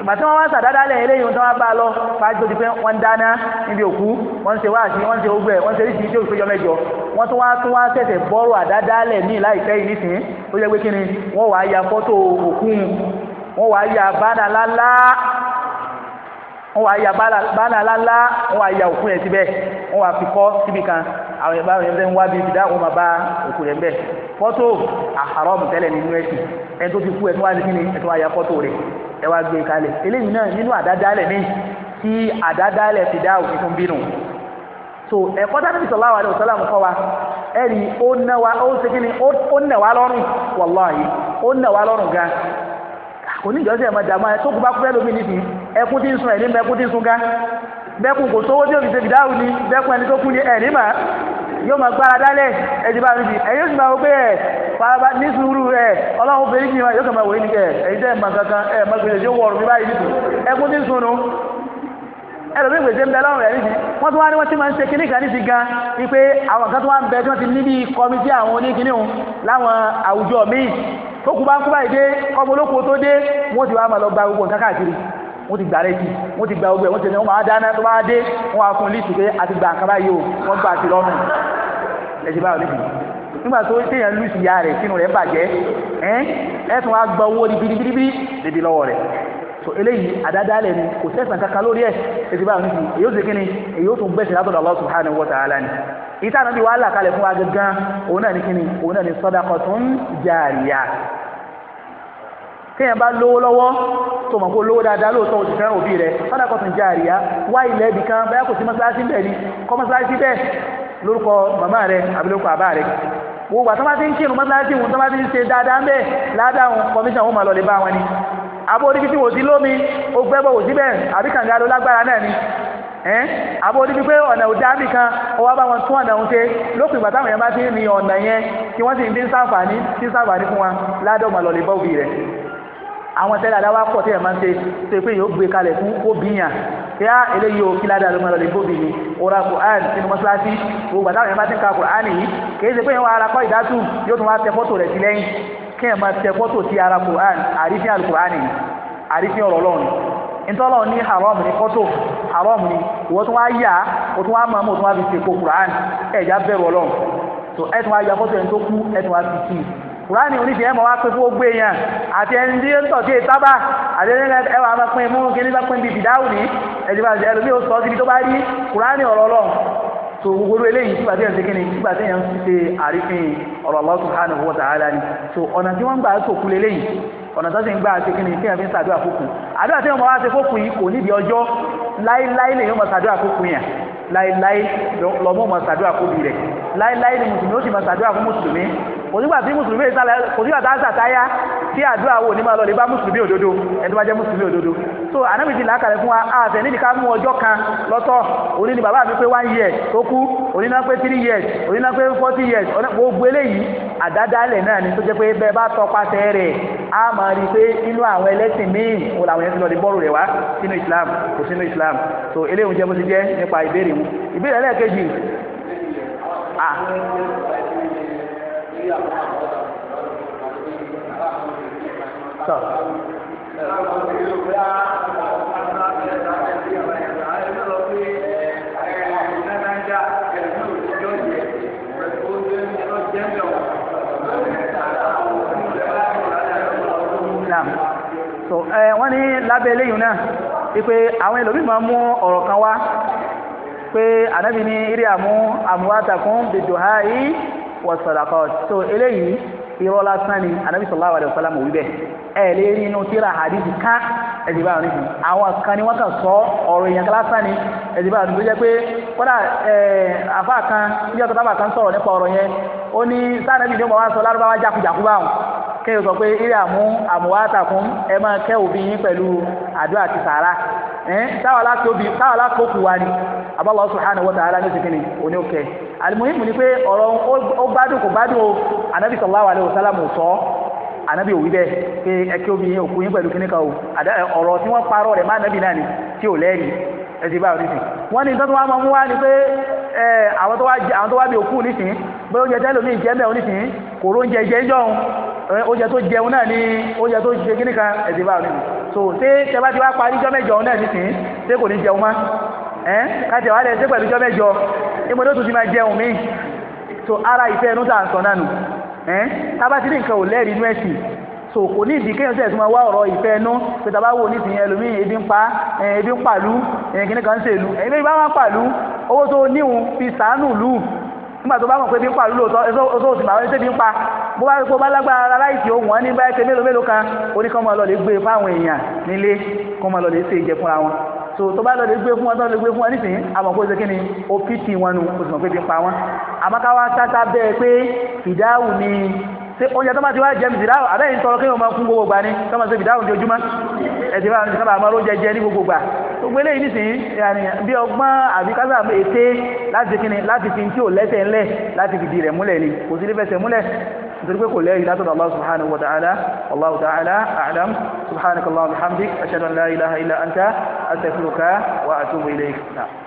ìgbà tí wọ́n wá sàdádá lẹ̀ eléyìí tí wọ́n bá lọ fájú ti pé wọ́n ń dáná níbi òkú wọ́n ń ṣe wáàsí wọ́n ń ṣe ogbẹ́ wọ́n ń ṣe oríṣi tí òṣèjọ mẹ́jọ wọ́n tún wá tún wá ṣẹ̀ṣẹ̀ bọ́rọ̀ àdádá lẹ̀ ní láìpẹ́ yìí nísìnyí ó jẹ́ pé kí ni wọ́n wàá ya fọ́tò òkú wọ́n wàá ya bánà lálá wọ́n wá ya báàlà ńláńlá wọ́n wá ya òkú yẹn síbẹ̀ wọ́n wá fi kọ́ síbi kan àwọn ìbára yẹn fẹ́ ń wá bí ibi dáhùn máa bá òkú yẹn bẹ̀ fọ́tò àhàrọ́m tẹ́lẹ̀ nínú ẹ̀sìn ẹni tó ti kú ẹni wá ní kíni ẹni tó wá ya fọ́tò rẹ̀ ẹ wá gbé e kalẹ̀ eléyìí náà nínú àdádálẹ̀ mi tí àdádálẹ̀ ti dá òfin fún bínú so ẹ̀kọ́ tá níbi sọ̀lá wa ní ọ̀sọ́lá mú kọ́ wa ẹ̀rí ó nà wá ó ṣe kíni ó nà wá lọ́rùn wàláhì ó nà wá lọ́rùn gan kò ní ìjọsìn ẹ̀mọ́ dàmú ẹ tó kú bá kú fẹ́ẹ́ níbi ẹkún tí ń sun ẹ̀ní mẹ́kún tí ń sun ká bẹ́kùn kò sówó tí ò fi ṣe fìdáhù ni bẹ́kùn ẹni tó kú ni ẹ̀ní mà yóò máa gbára dálẹ̀ ẹ̀jẹ̀ bá níbi ẹ̀yìn ó máa wọ pé ẹ̀ faraba ní sùúrù ẹ̀ ọlọ́run fèrè jìnnà yóò kàn máa wòye nìkẹ́ ẹ̀yìn tẹ́ ẹ̀ mọ̀ kankan ẹ̀ mọ̀ gbèsè tí ó wọ̀ ọ̀rùn mi báyìí nìkú ẹkún tí ń sun nu ẹlòmí gbèsè ń bẹ lọ́rùn rẹ̀ nídìí wọ́n tún wá ní wọ́n ti máa ń ṣe kíní kan nídìí gan ni pé àwọn kan tó wá ń bẹ tí wọ́n ti níbi kọmitì àwọn oníkíní òun láwọn àwùjọ míì tó kú bá ń kú báyìí dé ọmọ olóko tó dé wọ́n ti wá máa lọ gba gbogbo nǹkan káàkiri wọ́n ti gbà rẹ̀ jì wọ́n ti gba gbogbo ẹ̀ wọ́n ti ní wọ́n máa dáná tó máa dé wọ́n wá fún lísì pé a ti gba nǹkan báyìí o wọ́n gbà sí lọ́rùn ẹ̀sìn báyìí níbi nígbà tó téèyàn lùsì ya rẹ̀ sínú rẹ̀ bàjẹ́ ẹ̀ ẹ̀ tún wá gba owó ní bidibidibidi lèbi lọ́wọ́ rẹ̀ so eléyìí àdádálẹ̀ ni kò sẹ́sàn kankan lórí ẹ̀ ètò ìbára níbi èyí ó sì kíni èyí ó tún gbẹ̀sẹ̀ látọ̀dọ̀ Allah subhanahu wa ta'ala ni ìta àná bí wàá là kalẹ̀ fún wa gangan òun náà ni kíni òun náà ni sadaqatun jariya kéèyàn bá lówó lọ́wọ́ tó mọ̀ kó lówó dáadáa lóòótọ́ òsì fẹ́ràn òbí rẹ̀ sadaqatun jariya wá ilẹ̀ ibì kan báyà kò sí mọ́sálásí bẹ́ẹ̀ ni kọ́ mọ́sálásí bẹ́ẹ̀ lórúkọ màmá rẹ̀ àbí lórúkọ àbá rẹ̀ gbogbo àtọ́mátí ń kírun mọ́sálásí wọn tọ́mátí ń ṣe dáadáa ń bẹ́ẹ̀ ládàá kọmíṣàn wọn máa lọ lè bá wọn ni abóríbi tí wò sí lómi ó gbẹ́ bọ̀ wò síbẹ̀ àbí kànga ló lágbára náà ni ẹ́n abóríbi pé ọ̀nà òdá nìkan ó wá bá wọn tún ọ̀nà òun ṣe lópin ìgbà táwọn yẹn bá ti ń rin ọ̀nà yẹn kí wọ́n sì ń dín sáǹfààní dín sáǹfààní fún wa ládọ́gbọ̀n lọ lè bọ́ òbí àwọn tẹ́lẹ̀ adáwà pọ̀ tí ẹ̀ máa ń ṣe ṣe pé yóò gbé kalẹ̀ fún obìyàn yá eléyìí o kí ládàá ló máa lọ lè bóbi ni ora Qur'an sínú mọ́ṣáláṣí gbogbo àtàwọn ẹ̀ máa ti ń ka Qur'an yìí kì í ṣe pé yẹn wà á rakọ́ ìdátù yóò tún wá tẹ fọ́tò rẹ̀ sí lẹ́yìn kí ẹ̀ máa tẹ fọ́tò sí ara Qur'an àrífín al-Qur'an ni àrífín ọ̀rọ̀ lọ́run ìtọ́lọ̀ ní haram ní fọ́tò haram ni ìwọ́n tún wá yà ó tún wá máa mú òtún wá fi ṣèkó Qur'an ẹ̀já bẹ̀rù ọlọ́run tó ẹ̀ tún wá ya fọ́tò ẹni tó kú ẹ̀ tún wá fi sí i Qur'an ní oníṣẹ́ ẹ̀ máa wá pé fún gbé yàn àti ẹni tí ó ń tọ̀ sí ìtaba àti ẹni ẹ wà máa pín mú kí ní bá pín bíi bìdáwù ní ẹ̀jẹ̀ ẹlòmíì ó sọ síbi tó bá rí Qur'an ọ̀rọ̀ ọlọ́run so gbogbo eléyìí nígbà tí èèyàn ṣe kíni nígbà tí èèyàn ṣe àrífin ọ̀rọ̀ Allah subhanahu wa ta'ala ni so ọ̀nà tí wọ́n gbà á sòkú leléyìí ọ̀nà tó ṣe ń gbà á ṣe kíni tí èèyàn fi ń ṣàdúrà fókun àdúrà tí wọ́n máa wá ṣe fókun yìí kò nídìí ọjọ́ láéláé lè yóò máa ṣàdúrà fókun yẹn láéláé lọ́mọ́ máa ṣàdúrà fóbi rẹ̀ láéláé ni mùsùlùmí ó sì máa ṣàdúrà fún mùsùlùmí kò sígbà tí mùsùlùmí ìsàlẹ̀ kò sígbà tá ń sàtáyá tí àdúrà wo ní máa lọ lè bá mùsùlùmí òdodo ẹni tó bá jẹ́ mùsùlùmí òdodo so ànábì ti làákàlẹ̀ fún wa àtẹ̀ nídìí ká mú ọjọ́ kan lọ́tọ̀ òní ni bàbá mi pé one year tó kú òní náà pé three years òní náà pé forty years gbogbo eléyìí àdádálẹ̀ náà ni tó jẹ́ pé bẹ́ẹ̀ bá tọpasẹ̀ rẹ̀ a máa rí i pé inú àwọn ẹlẹ́sìn míì wo làwọn yẹn ti lọ di bọ́ọ̀lù rẹ̀ wá sínú Islam kò sínú Islam so eléyìí ń jẹ́ bó ti jẹ́ nípa ìbéèrè mu ìbéèrè ẹlẹ́ẹ̀kejì ah. so ẹ wọ́n ní lábẹ́ eléyìí náà wípé àwọn ẹlòmíì mú ọ̀rọ̀ kan wá pé ànábì ní eré àmú àmúwátàkùn bìdòhá yìí wasadakot so eléyìí irọ́ lásán ni anabi sallallahu alayhi wa sallam wí bẹ́ẹ̀ ẹ lè rí inú tíra hadith ká ẹ̀sìn báyọ̀ nìkan àwọn kan ni wọ́n kàn sọ ọ̀rọ̀ èèyàn lásán ni ẹ̀sìn báyọ̀ nìkan tó jẹ́ pé kódà àfa kan níjọ́ tó tábà kan sọ̀rọ̀ nípa ọ̀rọ̀ yẹn ó ní sáà nàbì ní ọmọ wa sọ lárúbáwá jákujàku báwọn kẹ́yìn sọ pé eré àmú àmúwátàkún ẹ máa kẹ́ òbí yín pẹ̀lú àdúrà àti sàárà táwa láti òbí wa ni Allah subhanahu wa ta'ala ní òsìkìnnì òní òkè alimuhimu ni pé ọ̀rọ̀ ó gbádùn kò gbádùn o anabi sallallahu alayhi wa sallam sọ anabi òwí bẹ́ẹ̀ pé ẹkẹ́ omi yẹn òkú yín pẹ̀lú kíníkà o ọ̀rọ̀ tí wọ́n parọ́ rẹ̀ má anabi náà ni tí ò lẹ́rìí ẹ̀sìn báyọ̀ nísìn wọ́n ní tọ́tún wa mú wá ni pé àwọn tó wá bí òkú nísìn bóyá oúnjẹ tẹ́lẹ̀ omi ìjẹ́ mẹ́rin nísìn kò róúnjẹ jẹ́ jọun oúnjẹ tó jẹun náà ni oúnjẹ tó ṣe kíníkà ẹ̀sìn báyọ̀ nísìn so ṣé tẹ bá ti wá parí jọ́ mẹ́jọ náà nísìn ṣé kò ní jẹun má ẹ́ káti àwọn àdẹ̀sẹ́ pẹ̀lú jọ mẹ́jọ ìmọ̀ tó tún ti máa jẹun mí so ara ìfẹ́ ẹnu tà ń sọ náà nù ẹ́ tábà ti ní nǹkan ò lẹ́rìí inú ẹ̀sìn so kò ní ìdí kéèyàn sẹ̀sùn máa wá ọ̀rọ̀ ìfẹ́ ẹnu pé tàbá wò ní ìsìn ẹlòmíì ebi ń pa ebi ń pàlú ẹ̀yìn kìnnìkan ń sèlú ẹ̀yìn bá wà pàlú owó tó níhun fi sàánù lù nígbà tó bá mọ̀ pé bí ń pa lóòótọ́ ẹ̀sọ́ òsì màá ṣe bí ń pa bó bá rí pé ó bá lágbára ara láìsí ohun wọn ní bá ẹsẹ̀ mélòó mélòó kan oníkan máa lọ lè gbé e fáwọn èèyàn nílé kó máa lọ lè ṣe ìjẹ fúnra wọn so tó bá lọ lè gbé e fún wọn tó lè gbé e fún wọn nísìnyí àmọ́ pé ó ṣe kí ni ó pt wọn nu ó sì mọ̀ pé bí ń pa wọn àmọ́ káwá tátá bẹ́ẹ̀ pé ìdáhùn ni oúnjẹ tó bá ti wá jẹ bìdáwò àbẹ́yìn tọrọ kéèyàn máa kún gbogbo gbà ní tó máa ṣe bìdáwò ojoojúmọ́ ẹ̀sìn bá ti sábà máa ló jẹjẹ ní gbogbo gbà gbogbo eléyìí nísìnyí bí ọgbọ́n àbí kásá ète láti kíni láti fi tí ò lẹ́sẹ̀ ńlẹ̀ láti fìdí rẹ̀ múlẹ̀ ni kò sí ní fẹsẹ̀ múlẹ̀ nítorí pé kò lẹ́yìn látọ̀dọ̀ Allah subhanahu wa ta'ala Allah ta'ala a'lam subhanaka Allahumma wa bihamdik ashhadu an la ilaha illa anta astaghfiruka wa atubu ilayk.